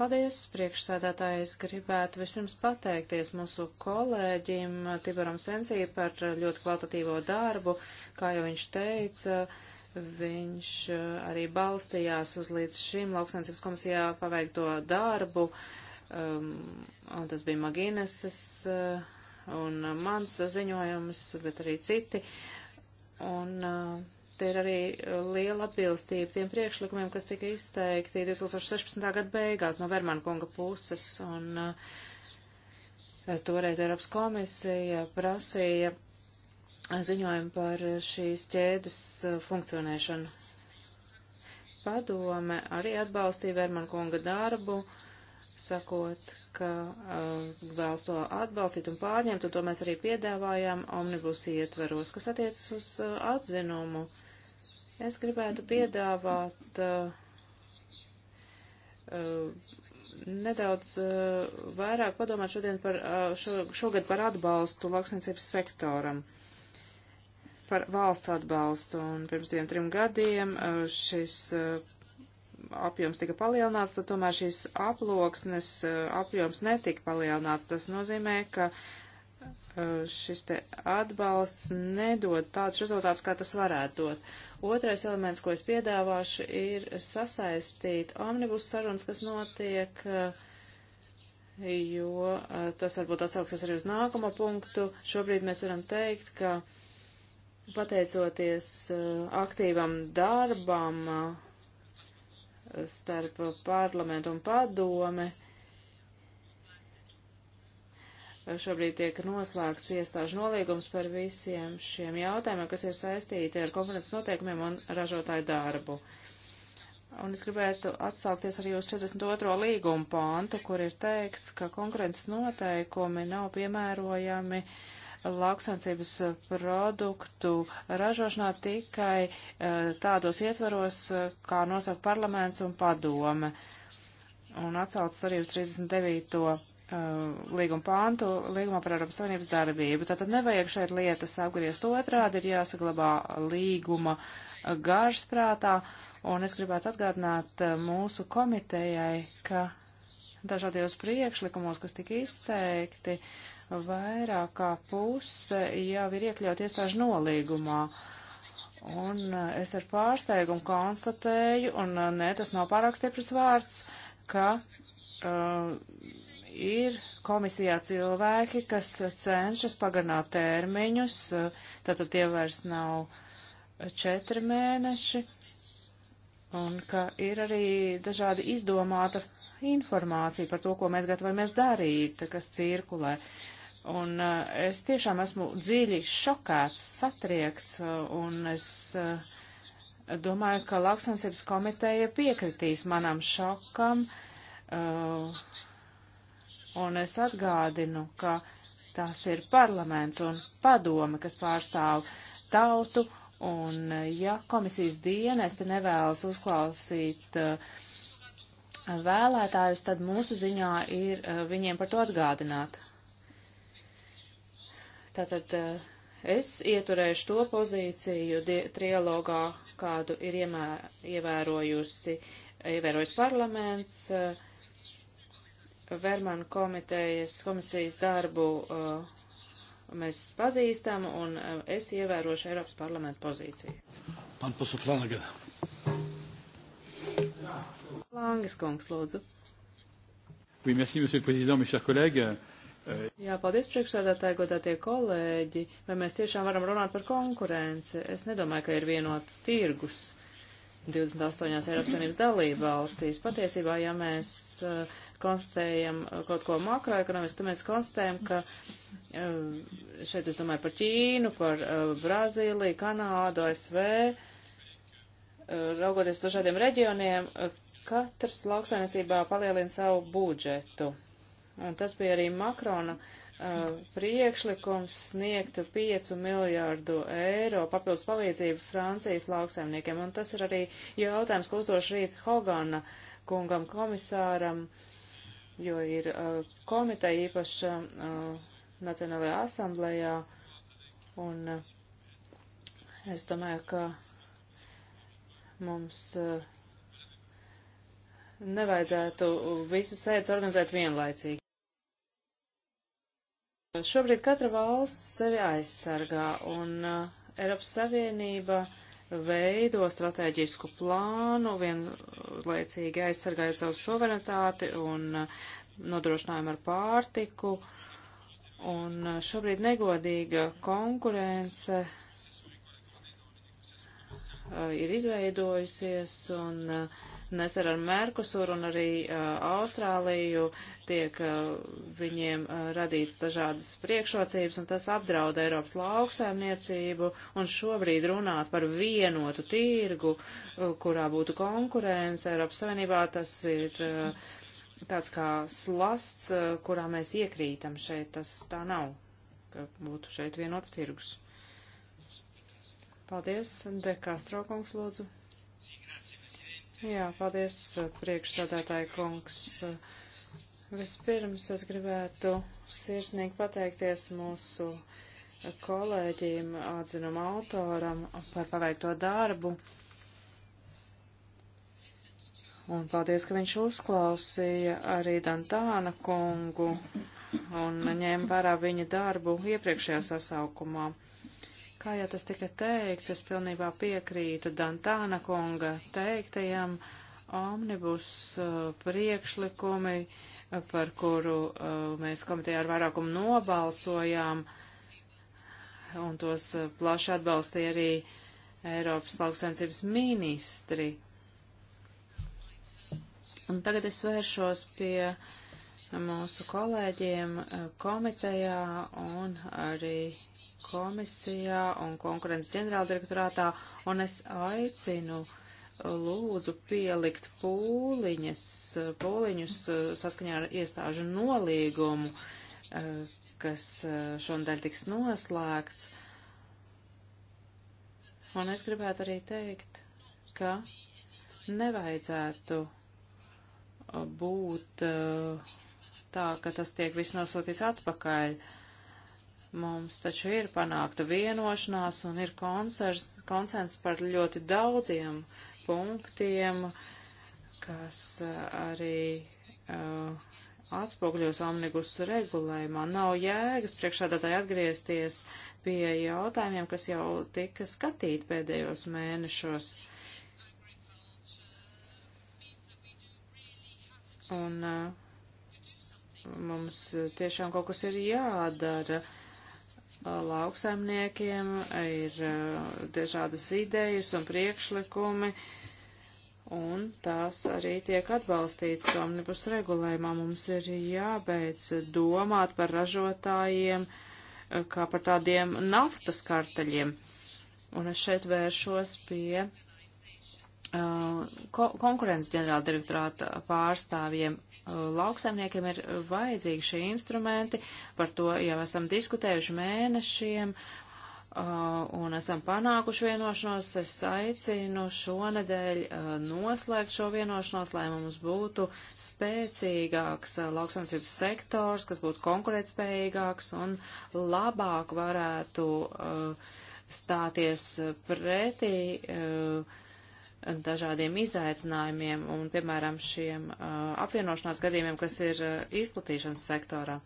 Paldies, priekšsēdētāji. Es gribētu vispirms pateikties mūsu kolēģim Tiboram Sensī par ļoti kvalitatīvo darbu. Kā jau viņš teica, uh, Viņš eh, arī balstījās uz līdz šim lauksaimniecības komisijā paveikto darbu, um, un tas bija Magīneses uh, un mans ziņojums, bet arī citi. Un uh, te ir arī liela atbilstība tiem priekšlikumiem, kas tika izteikti 2016. gada beigās no Vermana kunga puses. Un, uh, Toreiz Eiropas komisija prasīja ziņojumu par šīs ķēdes uh, funkcionēšanu. Padome arī atbalstīja Verman kunga darbu, sakot, ka uh, vēlas to atbalstīt un pārņemt, un to mēs arī piedāvājām omnibus ietveros, kas attiecas uz uh, atzinumu. Es gribētu piedāvāt uh, uh, nedaudz uh, vairāk padomāt šodien par, uh, šo, šogad par atbalstu lauksainicības sektoram. Uh, par valsts atbalstu, un pirms diviem, trim gadiem uh, šis uh, apjoms tika palielināts, tad tomēr šīs aploksnes uh, apjoms netika palielināts. Tas nozīmē, ka šis te atbalsts nedod tāds rezultāts, kā tas varētu dot. Otrais elements, ko es piedāvāšu, ir sasaistīt omnibus sarunas, kas notiek, jo tas varbūt atsauksies arī uz nākamo punktu. Šobrīd mēs varam teikt, ka uh, Pateicoties eh, aktīvam darbam eh, starp parlamentu un padome, eh, šobrīd tiek noslēgts iestāžu nolīgums par visiem šiem jautājumiem, kas ir saistīti ar konferences noteikumiem un ražotāju darbu. Un es gribētu atsaukties arī uz 42. līgumu pāntu, kur ir teikts, ka konkurences noteikumi nav piemērojami uh, lauksaimniecības produktu ražošanā tikai eh, tādos ietvaros, eh, kā nosaka parlaments un padome. Un atsaucas arī uz 39. Eh, līguma pāntu līgumā par Eiropas Savienības darbību. Tātad nevajag šeit lietas apgriezt otrādi, ir jāsaglabā līguma garš prātā. Un es gribētu atgādināt mūsu komitejai, ka dažādajos priekšlikumos, kas tika izteikti, vairāk kā puse jau ir iekļaut iestāžu nolīgumā. Un eh, es ar pārsteigumu konstatēju, un eh, nē, tas nav pārāk stiprs vārds, ka uh, ir komisijā cilvēki, kas cenšas pagarināt termiņus, tātad tie vairs nav četri mēneši, un ka ir arī dažādi izdomāta informācija par to, ko mēs gatavojamies darīt, kas cirkulē. Uh, Un uh, es tiešām esmu dziļi šokēts, satriekts, eh, un es uh, domāju, ka lauksansības komiteja piekritīs manam šokam, uh, un es atgādinu, ka tas ir parlaments un padome, kas pārstāv tautu, un ja komisijas dienesti nevēlas uzklausīt vēlētājus, tad mūsu ziņā ir viņiem par to atgādināt. Tātad eh, es ieturēšu to pozīciju trialogā, kādu ir iemē, ievērojusi, ievērojis parlaments, eh, Vermanu komitejas, komisijas darbu eh, mēs pazīstam, un es ievērošu Eiropas parlamentu pozīciju. Man pasuflāga. Langas kungs, lūdzu. Oui, merci, monsieur le président, mes chers collègues. Jā, paldies priekšsēdētāji, godātie kolēģi. Vai mēs tiešām varam runāt par konkurenci? Es nedomāju, ka ir vienots tirgus 28. Eiropas Savienības dalība valstīs. Patiesībā, ja mēs uh, konstatējam uh, kaut ko makroekonomiski, tad mēs konstatējam, ka uh, šeit es domāju par Ķīnu, par uh, Brazīliju, Kanādu, ASV, raugoties uz dažādiem reģioniem, katrs lauksainiecībā palielina savu budžetu. Un tas bija arī Makrona uh, priekšlikums sniegt 5 miljārdu eiro papildus palīdzību Francijas lauksaimniekiem. Un tas ir arī jautājums, ko uzdošu rīt Hogana kungam komisāram, jo ir uh, komiteja īpaša uh, Nacionālajā asamblējā. Un uh, es domāju, ka mums uh, nevajadzētu visu sēdes organizēt vienlaicīgi. Šobrīd katra valsts sevi aizsargā, un uh, Eiropas Savienība veido strateģisku plānu, vienlaicīgi aizsargāja savu suverenitāti un uh, nodrošinājumu ar pārtiku. Un uh, šobrīd negodīga konkurence uh, ir izveidojusies, un uh, nesen ar Merkusuru un arī uh, Austrāliju tiek uh, viņiem uh, radīts dažādas priekšrocības, un tas apdraud Eiropas lauksaimniecību, un šobrīd runāt par vienotu tirgu, uh, kurā būtu konkurence Eiropas Savienībā, tas ir uh, tāds kā slasts, uh, kurā mēs iekrītam šeit, tas tā nav, ka būtu šeit vienots tirgus. Paldies, Dekastro kungs, lūdzu. Jā, paldies, eh, priekšsādātāja kungs. Eh, vispirms es gribētu sirsnīgi pateikties mūsu kolēģiem, atzinuma autoram par paveikto darbu. Un paldies, ka viņš uzklausīja arī Dantāna kungu un ņēma vērā viņa darbu iepriekšējā sasaukumā. Uh, Kā jau tas tika teikts, es pilnībā piekrītu Dantāna kunga teiktajam omnibus uh, priekšlikumi, uh, par kuru uh, mēs komitejā ar vairākumu nobalsojām, un tos plaši atbalstīja arī Eiropas lauksaimniecības ministri. Un tagad es vēršos pie mūsu kolēģiem komitejā un arī komisijā un konkurences ģenerāldirektorātā, un es aicinu lūdzu pielikt pūliņas, pūliņus eh, saskaņā ar iestāžu nolīgumu, eh, kas eh, šonadēļ tiks noslēgts. Un es gribētu arī teikt, ka nevajadzētu būt tā, ka tas tiek viss nosūtīts atpakaļ. Uh, Mums taču ir panākta vienošanās un ir konsers, konsens par ļoti daudziem punktiem, kas eh, arī uh, atspoguļos omnibus regulējumā. Nav jēgas priekšādātāji atgriezties pie jautājumiem, kas jau tika skatīti pēdējos mēnešos. Un uh, mums tiešām kaut kas ir jādara. Uh, Eh, lauksaimniekiem, eh, ir eh, dažādas idejas un priekšlikumi, un tās arī tiek atbalstītas omnibus regulējumā. Mums ir jābeidz domāt par ražotājiem kā par tādiem naftas kartaļiem. Un es šeit vēršos pie uh, ko konkurences ģenerāla direktorāta pārstāvjiem Uh, lauksaimniekiem ir vajadzīgi šie instrumenti, par to jau esam diskutējuši mēnešiem uh, un esam panākuši vienošanos. Es aicinu šonedēļ uh, noslēgt šo vienošanos, lai mums būtu spēcīgāks lauksaimniecības sektors, kas būtu konkurētspējīgāks un labāk varētu stāties pretī uh, dažādiem izaicinājumiem un, piemēram, šiem uh, apvienošanās gadījumiem, kas ir uh, izplatīšanas sektorā.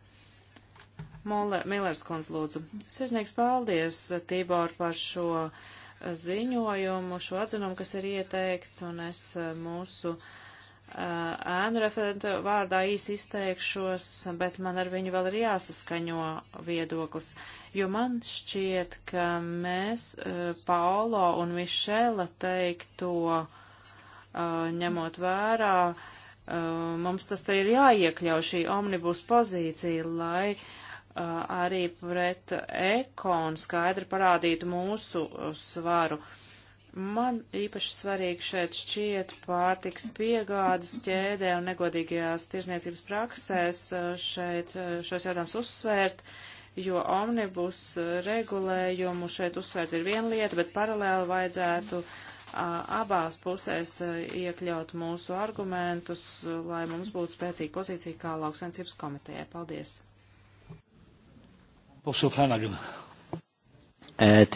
Millers kundz lūdzu. Sirsnīgs paldies, Tībor, par šo ziņojumu, šo atzinumu, kas ir ieteikts, un es uh, mūsu uh, ēnu referentu vārdā īsi izteikšos, bet man ar viņu vēl ir jāsaskaņo viedoklis, jo man šķiet, ka mēs e, Paulo un Mišela teikto e, ņemot vērā, e, mums tas te ir jāiekļau šī omnibus pozīcija, lai arī pret ekonu skaidri parādītu mūsu svaru. Uh, Man īpaši svarīgi šeit šķiet pārtiks piegādes ķēdē un negodīgajās tirzniecības praksēs eh, šeit eh, šos jautājumus uzsvērt, jo omnibus regulējumu šeit uzsvērt ir viena lieta, bet paralēli vajadzētu abās pusēs iekļaut mūsu argumentus, lai mums būtu spēcīga pozīcija kā lauksainicības komitejai. Paldies! Uh,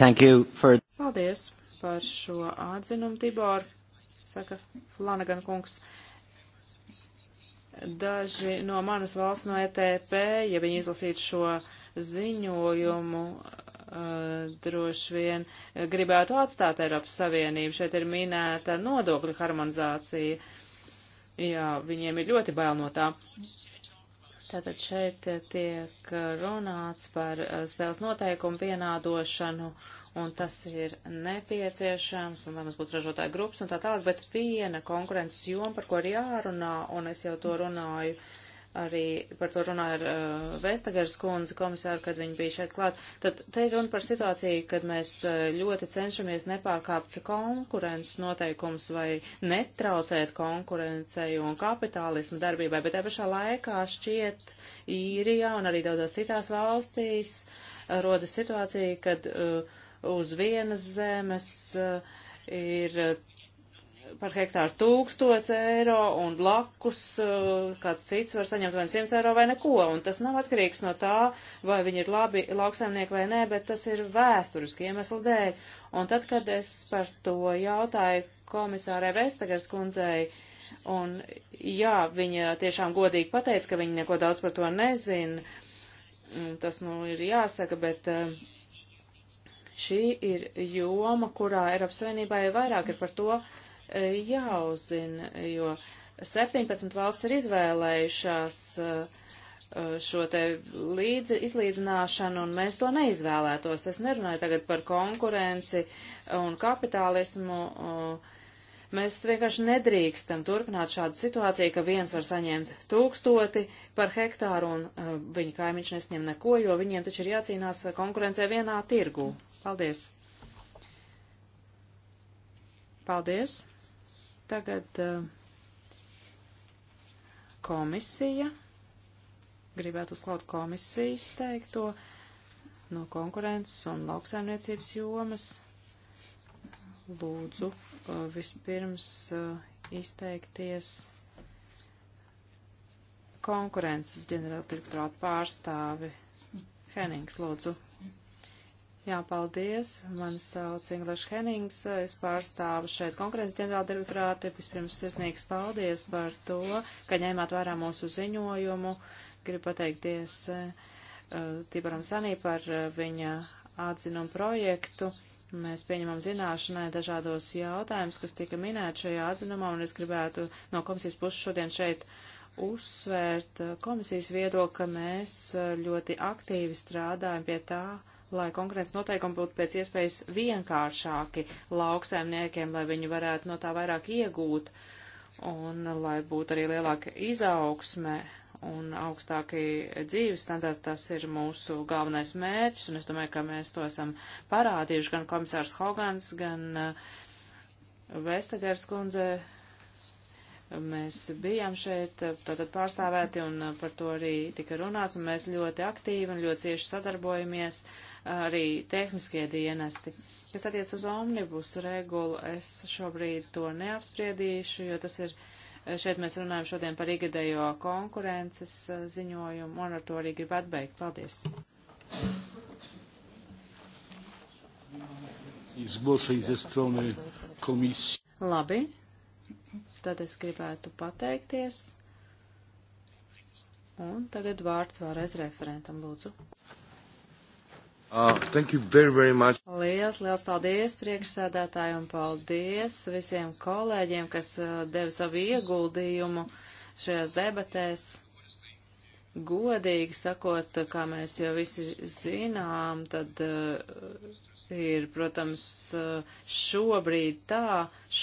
thank you for... Paldies! par šo atzinumu, Tibor, saka Flanagan kungs. Daži no manas valsts, no ETP, ja viņi izlasītu šo ziņojumu, Uh, droši vien gribētu atstāt Eiropas Savienību. Šeit ir minēta nodokļu harmonizācija. Jā, viņiem ir ļoti bail no tā. Tātad šeit eh, tiek eh, runāts par eh, spēles noteikumu vienādošanu, un tas ir nepieciešams, un lai mums būtu ražotāja grupas un tā tālāk, bet viena konkurences joma, par ko ir jārunā, un es jau to runāju arī par to runāja ar uh, Vestagars kundzi komisāru, kad viņi bija šeit klāt. Tad te ir runa par situāciju, kad mēs uh, ļoti cenšamies nepārkāpt konkurences noteikums vai netraucēt konkurencei un kapitālismu darbībai, bet te pašā laikā šķiet īrijā un arī daudzās citās valstīs uh, rodas situācija, kad uh, uz vienas zemes uh, ir par hektāru 1000 eiro un blakus eh, kāds cits var saņemt vai 100 nu eiro vai neko. Un tas nav atkarīgs no tā, vai viņi ir labi lauksaimnieki vai nē, bet tas ir vēsturiski iemesli dēļ. Un tad, kad es par to jautāju komisārai Vestagars kundzei, un jā, viņa tiešām godīgi pateica, ka viņa neko daudz par to nezina, tas man nu, ir jāsaka, bet. Uh, šī ir joma, kurā Eiropas Savienībā jau vairāk ir par to jāuzina, jo 17 valsts ir izvēlējušās uh, uh, šo te līdzi, izlīdzināšanu, un mēs to neizvēlētos. Es nerunāju tagad par konkurenci un kapitālismu. Uh, mēs vienkārši nedrīkstam turpināt šādu situāciju, ka viens var saņemt tūkstoti par hektāru un viņa kaimiņš nesņem neko, jo viņiem taču ir jācīnās konkurencē vienā tirgū. Paldies! Paldies! Tagad eh, komisija. Gribētu uzklaut komisijas teikto no konkurences un lauksaimniecības jomas. Lūdzu, eh, vispirms eh, izteikties konkurences ģenerāla direktorāta pārstāvi Henings, lūdzu. Jā, paldies. Mani sauc Inglašs Henings. Es pārstāvu šeit konkurences ģenerāla direktorāti. Vispirms sirsnīgs paldies par to, ka ņēmāt vērā mūsu ziņojumu. Gribu pateikties uh, Tibaram Sanī par uh, viņa atzinumu projektu. Mēs pieņemam zināšanai dažādos jautājumus, kas tika minēti šajā atzinumā, un es gribētu no komisijas puses šodien šeit uzsvērt eh, komisijas viedokli, ka mēs ļoti aktīvi strādājam pie tā, lai konkurences noteikumi būtu pēc iespējas vienkāršāki lauksaimniekiem, lai viņi varētu no tā vairāk iegūt un lai būtu arī lielāka izaugsme un augstāki dzīves standarti. Tas ir mūsu galvenais mērķis, un es domāju, ka mēs to esam parādījuši gan komisārs Hogans, gan uh, Vestagers kundze. Mēs bijām šeit uh, tātad pārstāvēti, un uh, par to arī tika runāts, un mēs ļoti aktīvi un ļoti cieši sadarbojamies. Uh, arī tehniskie dienesti. Kas attiec uz omnibus regulu, es šobrīd to neapspriedīšu, jo tas ir, šeit mēs runājam šodien par igadējo konkurences eh, ziņojumu, un ar to arī gribu atbeigt. Paldies! Labi, tad es gribētu pateikties. Un tagad vārds vēlreiz referentam, lūdzu. Uh, thank you very, very much. Liels, liels paldies priekšsēdētāji un paldies visiem kolēģiem, kas uh, deva savu ieguldījumu šajās debatēs. Godīgi sakot, kā mēs jau visi zinām, tad uh, ir, protams, šobrīd tā,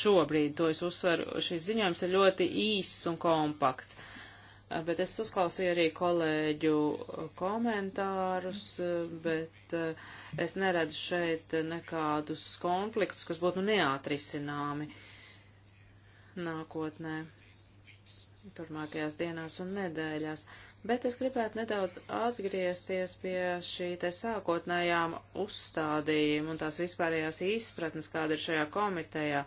šobrīd, to es uzsveru, šis ziņojums ir ļoti īss un kompakts. Uh, bet es uzklausīju arī kolēģu komentārus, bet eh, es neredzu šeit nekādus konfliktus, kas būtu neatrisināmi nākotnē, turmākajās dienās un nedēļās. Bet es gribētu nedaudz atgriezties pie šī te sākotnējām uzstādījuma un tās vispārējās izpratnes, kāda ir šajā komitejā.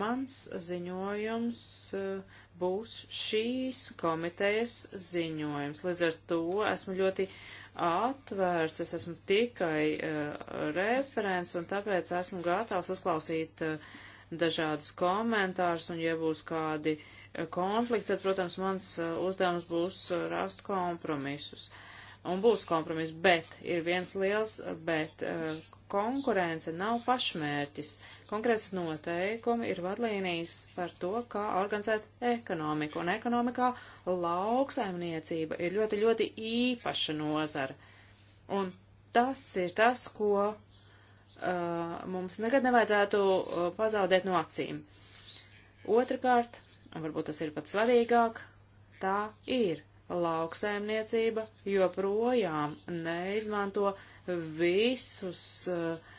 Mans ziņojums uh, būs šīs komitejas ziņojums. Līdz ar to esmu ļoti atvērts, es esmu tikai uh, referents un tāpēc esmu gatavs uzklausīt uh, dažādus komentārus un, ja būs kādi uh, konflikti, tad, protams, mans uh, uzdevums būs uh, rast kompromisus. Uh, un būs kompromiss, bet ir viens liels, bet eh, konkurence nav pašmērķis. Konkrēts noteikumi ir vadlīnijas par to, kā organizēt ekonomiku, un ekonomikā lauksaimniecība ir ļoti, ļoti īpaša nozara. Un tas ir tas, ko uh, mums nekad nevajadzētu uh, pazaudēt no acīm. Otrakārt, un varbūt tas ir pat svarīgāk, tā ir lauksaimniecība joprojām neizmanto visus uh,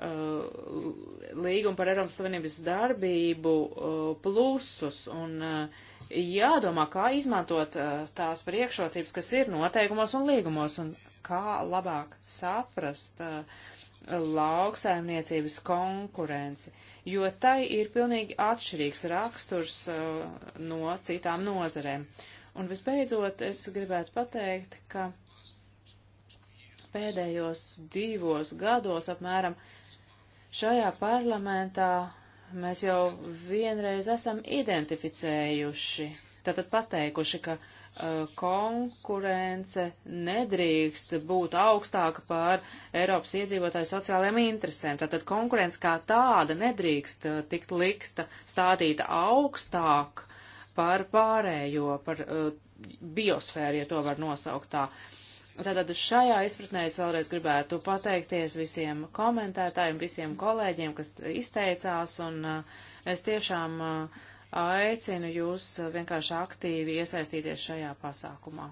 uh, līgumu par Eiropas Savienības darbību uh, plusus un uh, jādomā, kā izmantot uh, tās priekšrocības, kas ir noteikumos un līgumos un kā labāk saprast uh, lauksaimniecības konkurenci, jo tai ir pilnīgi atšķirīgs raksturs no citām nozarēm. Uh, Un visbeidzot, es gribētu pateikt, ka pēdējos divos gados apmēram šajā parlamentā mēs jau vienreiz esam identificējuši, tātad pateikuši, ka uh, konkurence nedrīkst būt augstāka pār Eiropas iedzīvotāju sociālajiem interesēm. Tātad konkurence kā tāda nedrīkst uh, tikt liksta stādīta augstāk par pārējo, par uh, biosfēru, ja to var nosaukt tā. Tātad šajā izpratnē es vēlreiz gribētu pateikties visiem komentētājiem, visiem kolēģiem, kas izteicās, un uh, es tiešām uh, aicinu jūs uh, vienkārši aktīvi iesaistīties šajā pasākumā.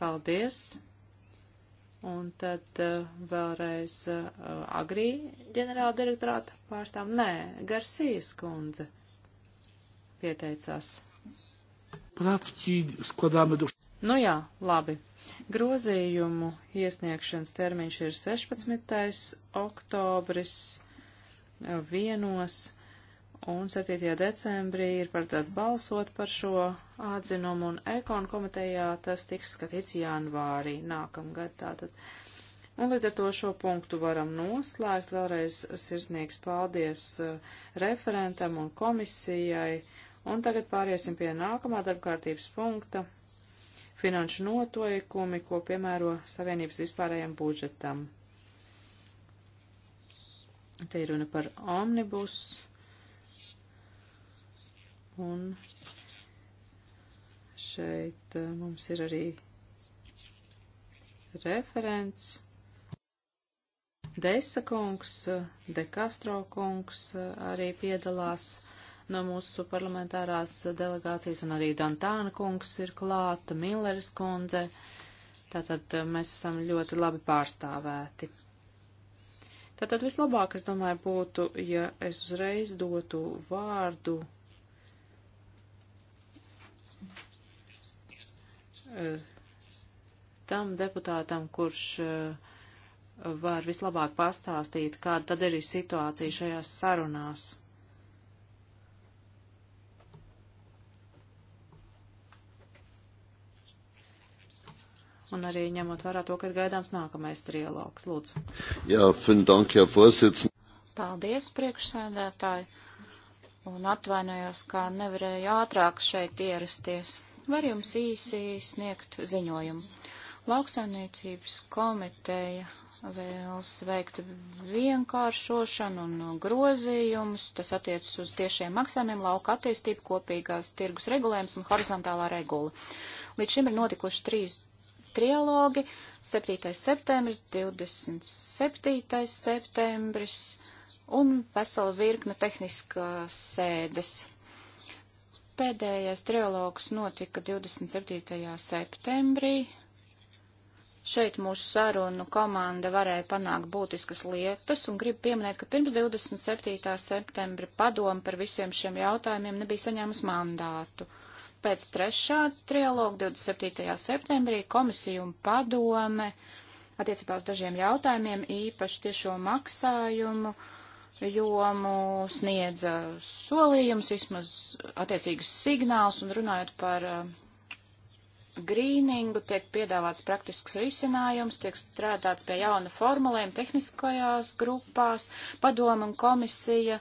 Paldies! Un tad uh, vēlreiz uh, eh, agrī ģenerāla direktorāta pārstāv. Nē, Garcijas kundze pieteicās. Nu jā, labi. Grozījumu iesniegšanas termiņš ir 16. oktobris eh, vienos, un 7. decembrī ir paredzēts balsot par šo atzinumu un ekonu komitejā tas tiks skatīts janvārī nākamgad tātad. Un līdz ar to šo punktu varam noslēgt. Vēlreiz sirsnīgs paldies uh, referentam un komisijai. Un tagad pāriesim pie nākamā darbkārtības punkta - finanšu notoikumi, ko piemēro Savienības vispārējiem budžetam. Te ir runa par omnibus. Un Šeit eh, mums ir arī referents. Deisa kungs, eh, De Castro kungs eh, arī piedalās no mūsu parlamentārās delegācijas, un arī Dantāna kungs ir klāta, Milleris kundze. Tātad mēs esam ļoti labi pārstāvēti. Tātad vislabāk, es domāju, būtu, ja es uzreiz dotu vārdu tam deputātam, kurš eh, var vislabāk pastāstīt, kāda tad ir situācija šajās sarunās. Un arī ņemot vērā to, ka ir gaidāms nākamais trialogs. Lūdzu. Jā, Findank, jā, Vorsits. Paldies, priekšsēdētāji. Un atvainojos, kā nevarēju ātrāk šeit ierasties. Var jums īsi sniegt ziņojumu. Lauksaimniecības komiteja vēlas veikt vienkāršošanu un grozījumus. Tas attiecas uz tiešiem maksājumiem, lauka attīstību, kopīgās tirgus regulējums un horizontālā regula. Līdz šim ir notikuši trīs trialogi - 7. septembris, 27. septembris un vesela virkne tehniskas sēdes. Pēdējais trialogs notika 27. septembrī. Šeit mūsu sarunu komanda varēja panākt būtiskas lietas, un gribu pieminēt, ka pirms 27. septembra padoma par visiem šiem jautājumiem nebija saņēmis mandātu. Pēc trešā trialoga 27. septembrī komisija un padome attiecībā uz dažiem jautājumiem, īpaši tiešo maksājumu, uh, jomu, sniedza uh, solījums, vismaz attiecīgus signālus, un runājot par uh, grīningu, tiek piedāvāts praktisks risinājums, tiek strādāts pie jauna formulēm tehniskajās grupās, padoma un komisija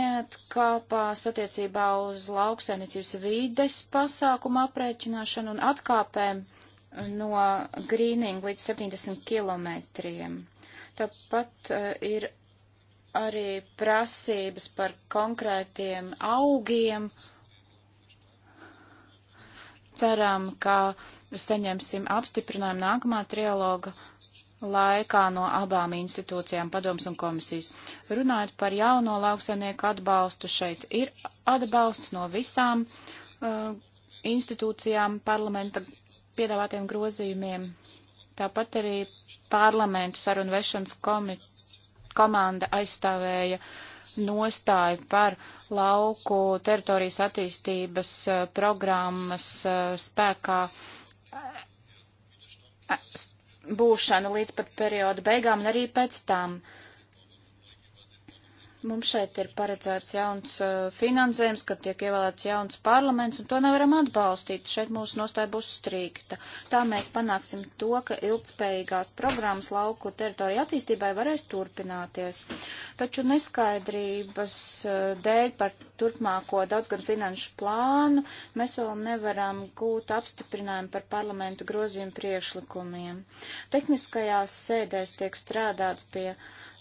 neatkāpās attiecībā uz lauksainiecības vīdes pasākumu aprēķināšanu un atkāpēm no grīninga līdz 70 kilometriem. Tāpat uh, ir arī prasības par konkrētiem augiem. Ceram, ka saņemsim apstiprinājumu nākamā trialoga laikā no abām institūcijām, padoms un komisijas. Runājot par jauno lauksaimnieku atbalstu, šeit ir atbalsts no visām uh, institūcijām parlamenta piedāvātiem grozījumiem. Tāpat arī parlamentu sarunu vešanas komiteja komanda aizstāvēja nostāju par lauku teritorijas attīstības eh, programmas eh, spēkā eh, būšanu līdz pat perioda beigām un arī pēc tam. Uh, Mums šeit ir paredzēts jauns uh, finansējums, kad tiek ievēlēts jauns parlaments, un to nevaram atbalstīt. Šeit mūsu nostāja būs strīkta. Tā mēs panāksim to, ka ilgspējīgās programmas lauku teritoriju attīstībai varēs turpināties. Taču neskaidrības uh, dēļ par turpmāko daudzgadu finanšu plānu mēs vēl nevaram gūt apstiprinājumu par parlamentu grozījumu priekšlikumiem. Tehniskajās sēdēs tiek strādāts pie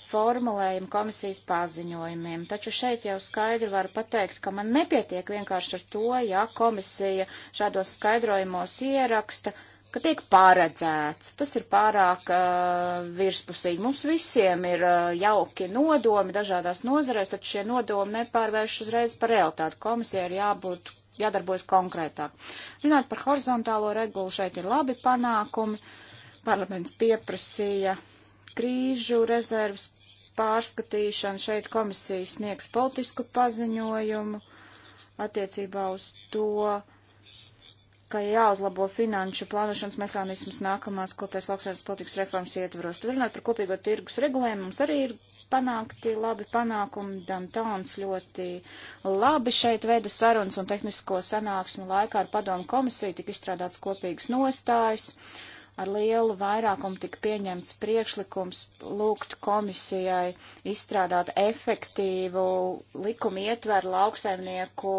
formulējumu komisijas paziņojumiem. Taču šeit jau skaidri varu pateikt, ka man nepietiek vienkārši ar to, ja komisija šādos skaidrojumos ieraksta, ka tiek paredzēts. Tas ir pārāk uh, virspusīgi. Mums visiem ir uh, jauki nodomi dažādās nozarēs, taču šie nodomi nepārvērš uzreiz par realitāti. Komisija ir jābūt, jādarbojas konkrētāk. Runāt par horizontālo regulu šeit ir labi panākumi. Parlaments pieprasīja krīžu rezerves pārskatīšanu. Šeit komisija sniegs politisku paziņojumu attiecībā uz to, ka jāuzlabo finanšu plānošanas mehānismus nākamās kopējās lauksainas politikas reformas ietvaros. Tad runāt par kopīgo tirgus regulējumu mums arī ir panākti labi panākumi. Dantons ļoti labi šeit veida sarunas un tehnisko sanāksmu laikā ar padomu komisiju, tik izstrādāts kopīgas nostājas. Uh, ar lielu vairākumu tika pieņemts priekšlikums lūgt komisijai izstrādāt efektīvu likumu ietveru lauksaimnieku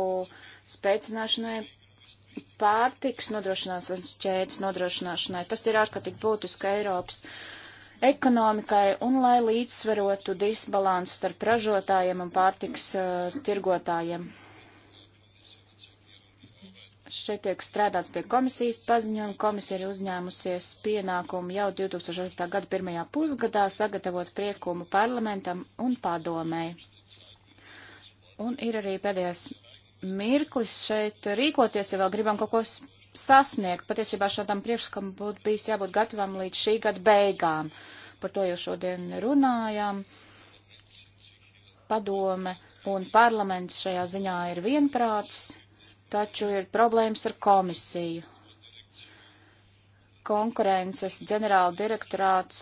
spēcināšanai pārtiks nodrošināšanas ķēdes nodrošināšanai. Tas ir ārkārtīgi būtiski Eiropas ekonomikai un lai līdzsvarotu disbalansu starp ražotājiem un pārtiks uh, tirgotājiem. Šeit tiek strādāts pie komisijas paziņojuma. Komisija ir uzņēmusies pienākumu jau 2008. gada pirmajā pusgadā sagatavot priekumu parlamentam un padomēji. Un ir arī pēdējais mirklis šeit rīkoties, ja vēl gribam kaut ko sasniegt. Patiesībā šādam priekšskam būtu bijis jābūt gatavam līdz šī gada beigām. Par to jau šodien runājām. Padome un parlaments šajā ziņā ir vienprāts taču ir problēmas ar komisiju. Konkurences ģenerāla direktorāts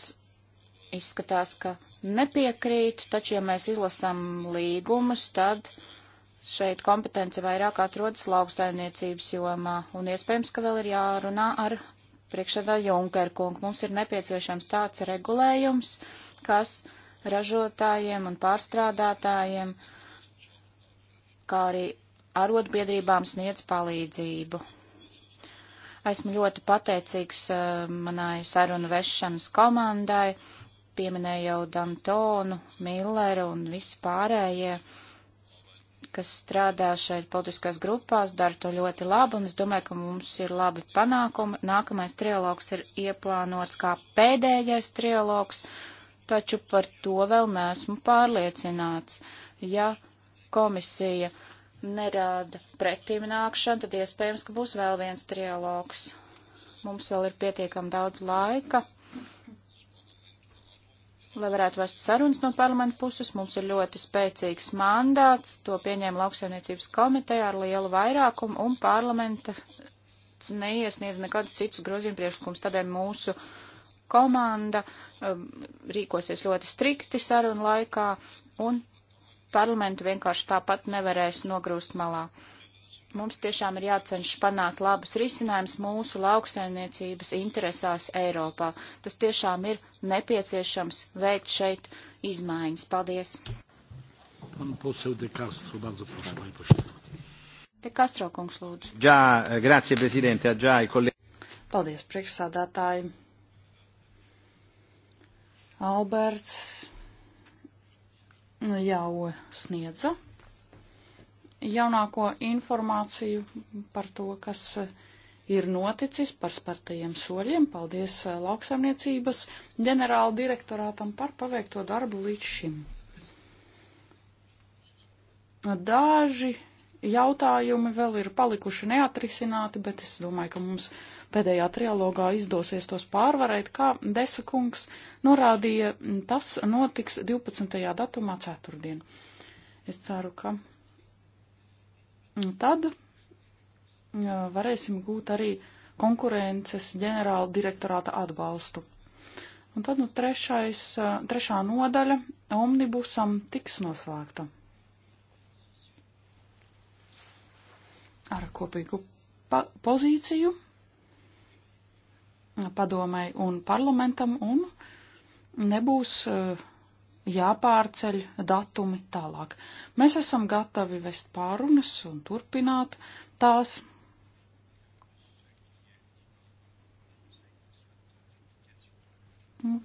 izskatās, ka nepiekrīt, taču, ja mēs izlasam līgumus, tad šeit kompetence vairāk atrodas lauksaimniecības jomā, un iespējams, ka vēl ir jārunā ar priekšādā Junkerkungu. Mums ir nepieciešams tāds regulējums, kas ražotājiem un pārstrādātājiem, kā arī arotbiedrībām sniedz palīdzību. Esmu ļoti pateicīgs eh, manai sarunu vešanas komandai, pieminēju jau Dantonu, Milleru un visi pārējie, kas strādā šeit politiskās grupās, dara to ļoti labi, un es domāju, ka mums ir labi panākumi. Nākamais trialogs ir ieplānots kā pēdējais trialogs, taču par to vēl neesmu pārliecināts. Ja komisija uh, nerāda pretīm nākšanu, tad iespējams, ka būs vēl viens trialogs. Mums vēl ir pietiekam daudz laika, lai varētu vest sarunas no parlamenta puses. Mums ir ļoti spēcīgs mandāts, to pieņēma lauksaimniecības komiteja ar lielu vairākumu, un parlamenta neiesniedz nekādus citus grozījumu priekšlikumus. Tādēļ mūsu komanda um, rīkosies ļoti strikti sarunu laikā, un parlamentu vienkārši tāpat nevarēs nogrūst malā. Mums tiešām ir jācenš panākt labus risinājums mūsu lauksaimniecības interesās Eiropā. Tas tiešām ir nepieciešams veikt šeit izmaiņas. Paldies! Pan poseł De Castro, bardzo proszę, panie pośle. De Castro, kungs, lūdzu. Jā, grazie, prezidente, jā, kolēģi. Paldies, priekšsādātāji. Alberts, jau sniedza jaunāko informāciju par to, kas ir noticis par spartajiem soļiem. Paldies eh, lauksaimniecības ģenerāla direktorātam par paveikto darbu līdz šim. Daži jautājumi vēl ir palikuši neatrisināti, bet es domāju, ka mums pēdējā trialogā izdosies tos pārvarēt, kā Desa kungs norādīja, tas notiks 12. datumā ceturtdien. Es ceru, ka tad varēsim gūt arī konkurences ģenerāla direktorāta atbalstu. Un tad nu trešais, trešā nodaļa omnibusam tiks noslēgta. Ar kopīgu pozīciju padomai un parlamentam, un nebūs eh, jāpārceļ datumi tālāk. Mēs esam gatavi vest pārunas un turpināt tās.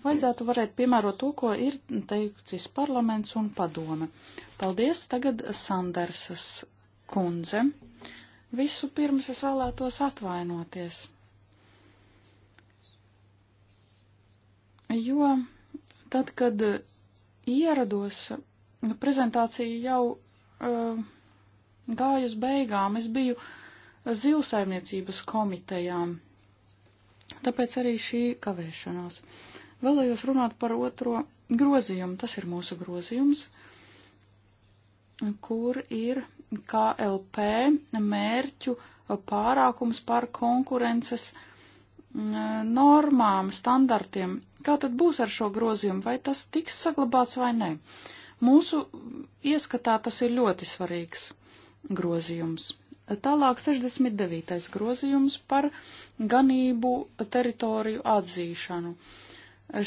Vajadzētu varēt piemērot to, ko ir teicis parlaments un padome. Paldies tagad Sandersas kundze. Visu pirms es vēlētos atvainoties jo tad, kad uh, ierados, uh, prezentācija jau uh, gāja uz beigām, es biju zivsaimniecības komitejām, tāpēc arī šī kavēšanās. Vēlējos runāt par otro grozījumu, tas ir mūsu grozījums, kur ir KLP mērķu pārākums par konkurences uh, normām, standartiem. Kā tad būs ar šo grozījumu? Vai tas tiks saglabāts vai nē? Mūsu ieskatā tas ir ļoti svarīgs grozījums. Tālāk 69. grozījums par ganību teritoriju atzīšanu.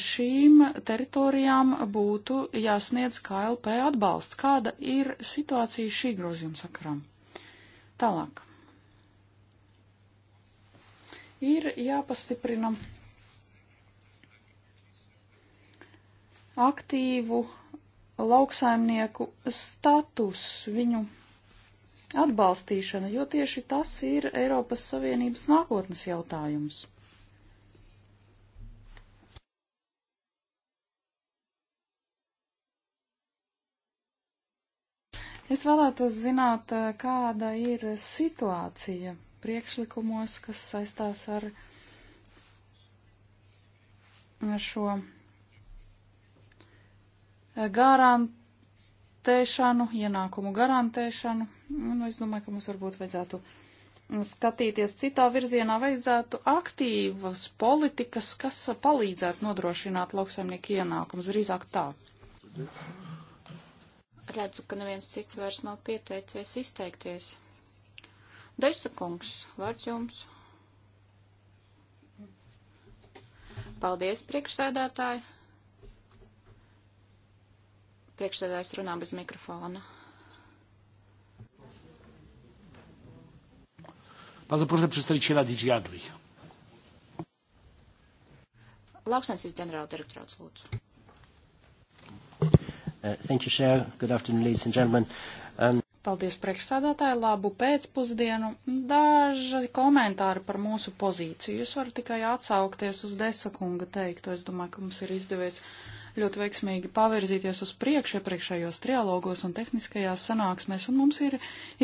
Šīm teritorijām būtu jāsniedz KLP atbalsts. Kāda ir situācija šī grozījuma sakarā? Tālāk ir jāpastiprina aktīvu lauksaimnieku status, viņu atbalstīšana, jo tieši tas ir Eiropas Savienības nākotnes jautājums. Es vēlētos zināt, kāda ir situācija priekšlikumos, kas saistās ar, ar šo e, garantēšanu, ienākumu garantēšanu. Un es domāju, ka mums varbūt vajadzētu skatīties citā virzienā, vajadzētu aktīvas politikas, kas palīdzētu nodrošināt lauksaimnieku ienākumus, drīzāk tā. Redzu, ka neviens cits vairs nav pieteicies izteikties. Desa kungs, vārds jums. Paldies, priekšsēdētāji. Priekšsēdētājs runā bez mikrofona. Bardzo proszę przedstawiciela DG Agri. Lauksensības ģenerāla direktorāts lūdzu. Uh, thank you, Chair. Good afternoon, ladies and gentlemen. Uh, Paldies priekšsādātāji, labu pēcpusdienu. Daži komentāri par mūsu pozīciju. Jūs varat tikai atsaukties uz desakunga teikto. Es domāju, ka mums ir izdevies ļoti veiksmīgi pavirzīties uz priekšu iepriekšējos trialogos un tehniskajās sanāksmēs, un mums ir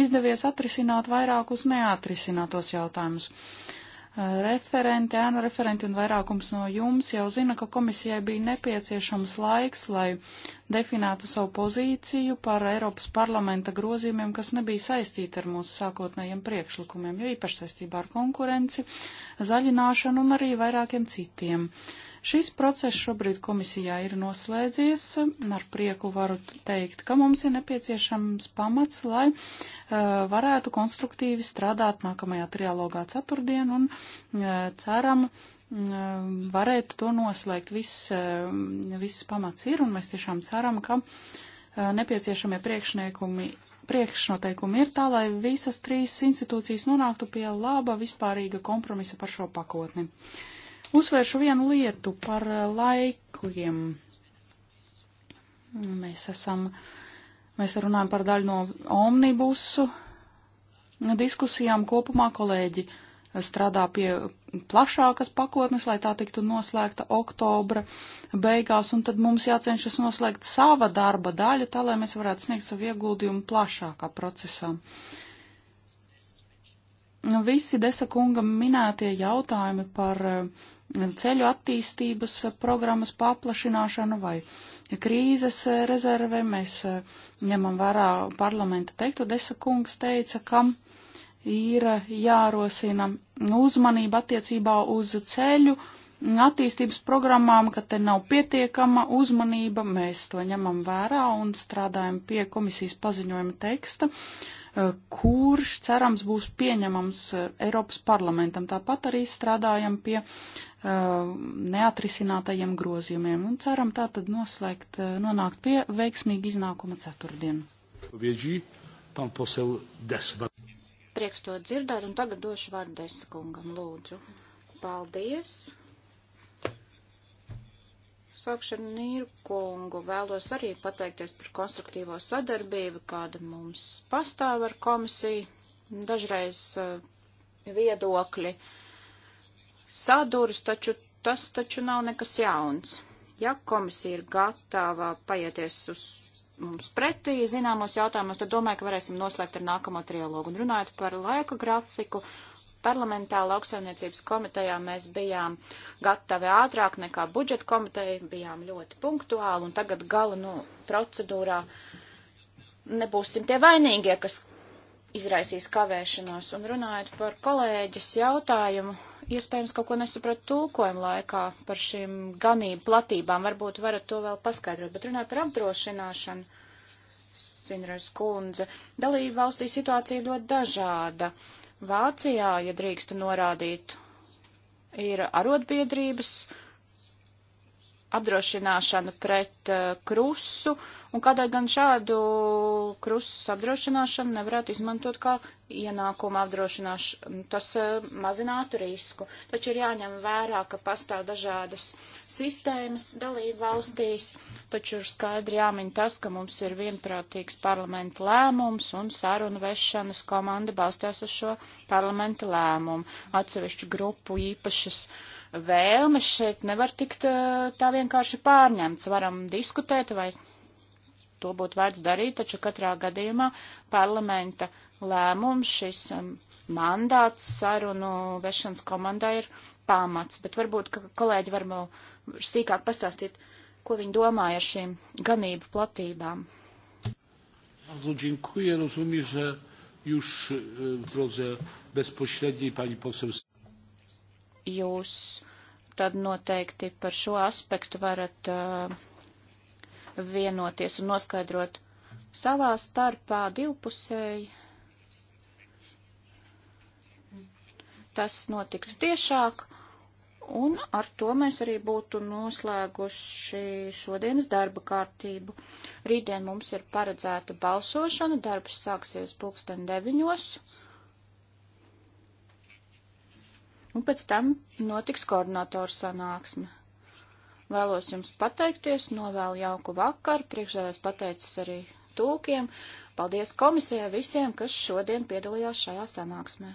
izdevies atrisināt vairākus neatrisinātos jautājumus referenti, ēnu referenti un vairākums no jums jau zina, ka komisijai bija nepieciešams laiks, lai definētu savu pozīciju par Eiropas parlamenta grozījumiem, kas nebija saistīti ar mūsu sākotnējiem priekšlikumiem, jo īpaši saistībā ar konkurenci, zaļināšanu un arī vairākiem citiem. Uh, Šis process šobrīd komisijā ir noslēdzies. Ar prieku varu teikt, ka mums ir nepieciešams pamats, lai uh, varētu konstruktīvi strādāt nākamajā trialogā ceturtdien un uh, ceram, mm, varētu to noslēgt. Viss, eh, viss pamats ir, un mēs tiešām ceram, ka nepieciešamie priekšniekumi priekšnoteikumi ir tā, lai visas trīs institūcijas nonāktu pie laba vispārīga kompromisa par šo pakotni. Uh, Uzsvēršu vienu lietu par eh, laikiem. Mēs esam, mēs runājam par daļu no omnibusu diskusijām kopumā kolēģi eh, strādā pie plašākas pakotnes, lai tā tiktu noslēgta oktobra beigās, un tad mums jācenšas noslēgt sava darba daļa, tā lai mēs varētu sniegt savu ieguldījumu plašākā procesā. Visi desa kunga minētie jautājumi par uh, ceļu attīstības programmas paplašināšanu vai krīzes rezerve. Mēs eh, ņemam vērā parlamenta teikto, Desa kungs teica, kam ir jārosina uzmanība attiecībā uz ceļu attīstības programmām, ka te nav pietiekama uzmanība. Mēs to ņemam vērā un strādājam pie komisijas paziņojuma teksta eh, kurš cerams būs pieņemams eh, Eiropas parlamentam. Tāpat arī strādājam pie Um, neatrisinātajiem grozījumiem un ceram tā tad noslēgt, uh, nonākt pie veiksmīga iznākuma ceturtdien. Prieks to dzirdēt un tagad došu vārdu Desikungam, lūdzu. Paldies! Sākšu ar Nīru kungu. Vēlos arī pateikties par konstruktīvo sadarbību, kāda mums pastāv ar komisiju. Dažreiz uh, viedokļi uh, sadurs, taču tas taču nav nekas jauns. Ja komisija ir gatava paieties uz mums pretī zināmos jautājumos, tad domāju, ka varēsim noslēgt ar nākamo trialogu. Un runājot par laika grafiku, parlamentā lauksaimniecības komitejā mēs bijām gatavi ātrāk nekā budžeta komiteja, bijām ļoti punktuāli, un tagad gala nu, procedūrā nebūsim tie vainīgie, kas izraisīs kavēšanos. Un runājot par kolēģis jautājumu, iespējams kaut ko nesapratu tulkojumu laikā par šīm ganību platībām. Varbūt varat to vēl paskaidrot, bet runāju par apdrošināšanu. Cinras kundze. Dalība valstī situācija ļoti dažāda. Vācijā, ja drīkstu norādīt, ir arotbiedrības, uh, apdrošināšanu pret uh, krusu, un kādai gan šādu krusas apdrošināšanu nevarētu izmantot kā ienākumu apdrošināšanu. Tas uh, mazinātu risku. Taču ir jāņem vērā, ka pastāv dažādas sistēmas dalību valstīs, taču ir skaidri jāmin tas, ka mums ir vienprātīgs parlamenta lēmums un sarunu vešanas komanda balstās uz šo parlamenta lēmumu. Atsevišķu grupu īpašas uh, vēlmes šeit nevar tikt tā vienkārši pārņemts. Varam diskutēt, vai to būtu vērts darīt, taču katrā gadījumā parlamenta lēmums, šis mandāts sarunu vešanas komandai ir pamats, bet varbūt kolēģi var vēl sīkāk pastāstīt, ko viņi domāja ar šīm ganību platībām. Bardzo dziękuję. Rozumiem, że już w drodze bezpośredniej pani poseł jūs tad noteikti par šo aspektu varat uh, vienoties un noskaidrot savā starpā divpusēji. Tas notiktu tiešāk, un ar to mēs arī būtu noslēguši šodienas darba kārtību. Rītdien mums ir paredzēta balsošana, darbs sāksies pulksten deviņos. un pēc tam notiks koordinatoru sanāksme. Vēlos jums pateikties, novēlu jauku vakaru, priekšēdās pateicis arī tūkiem. Paldies komisijai visiem, kas šodien piedalījās šajā sanāksmē.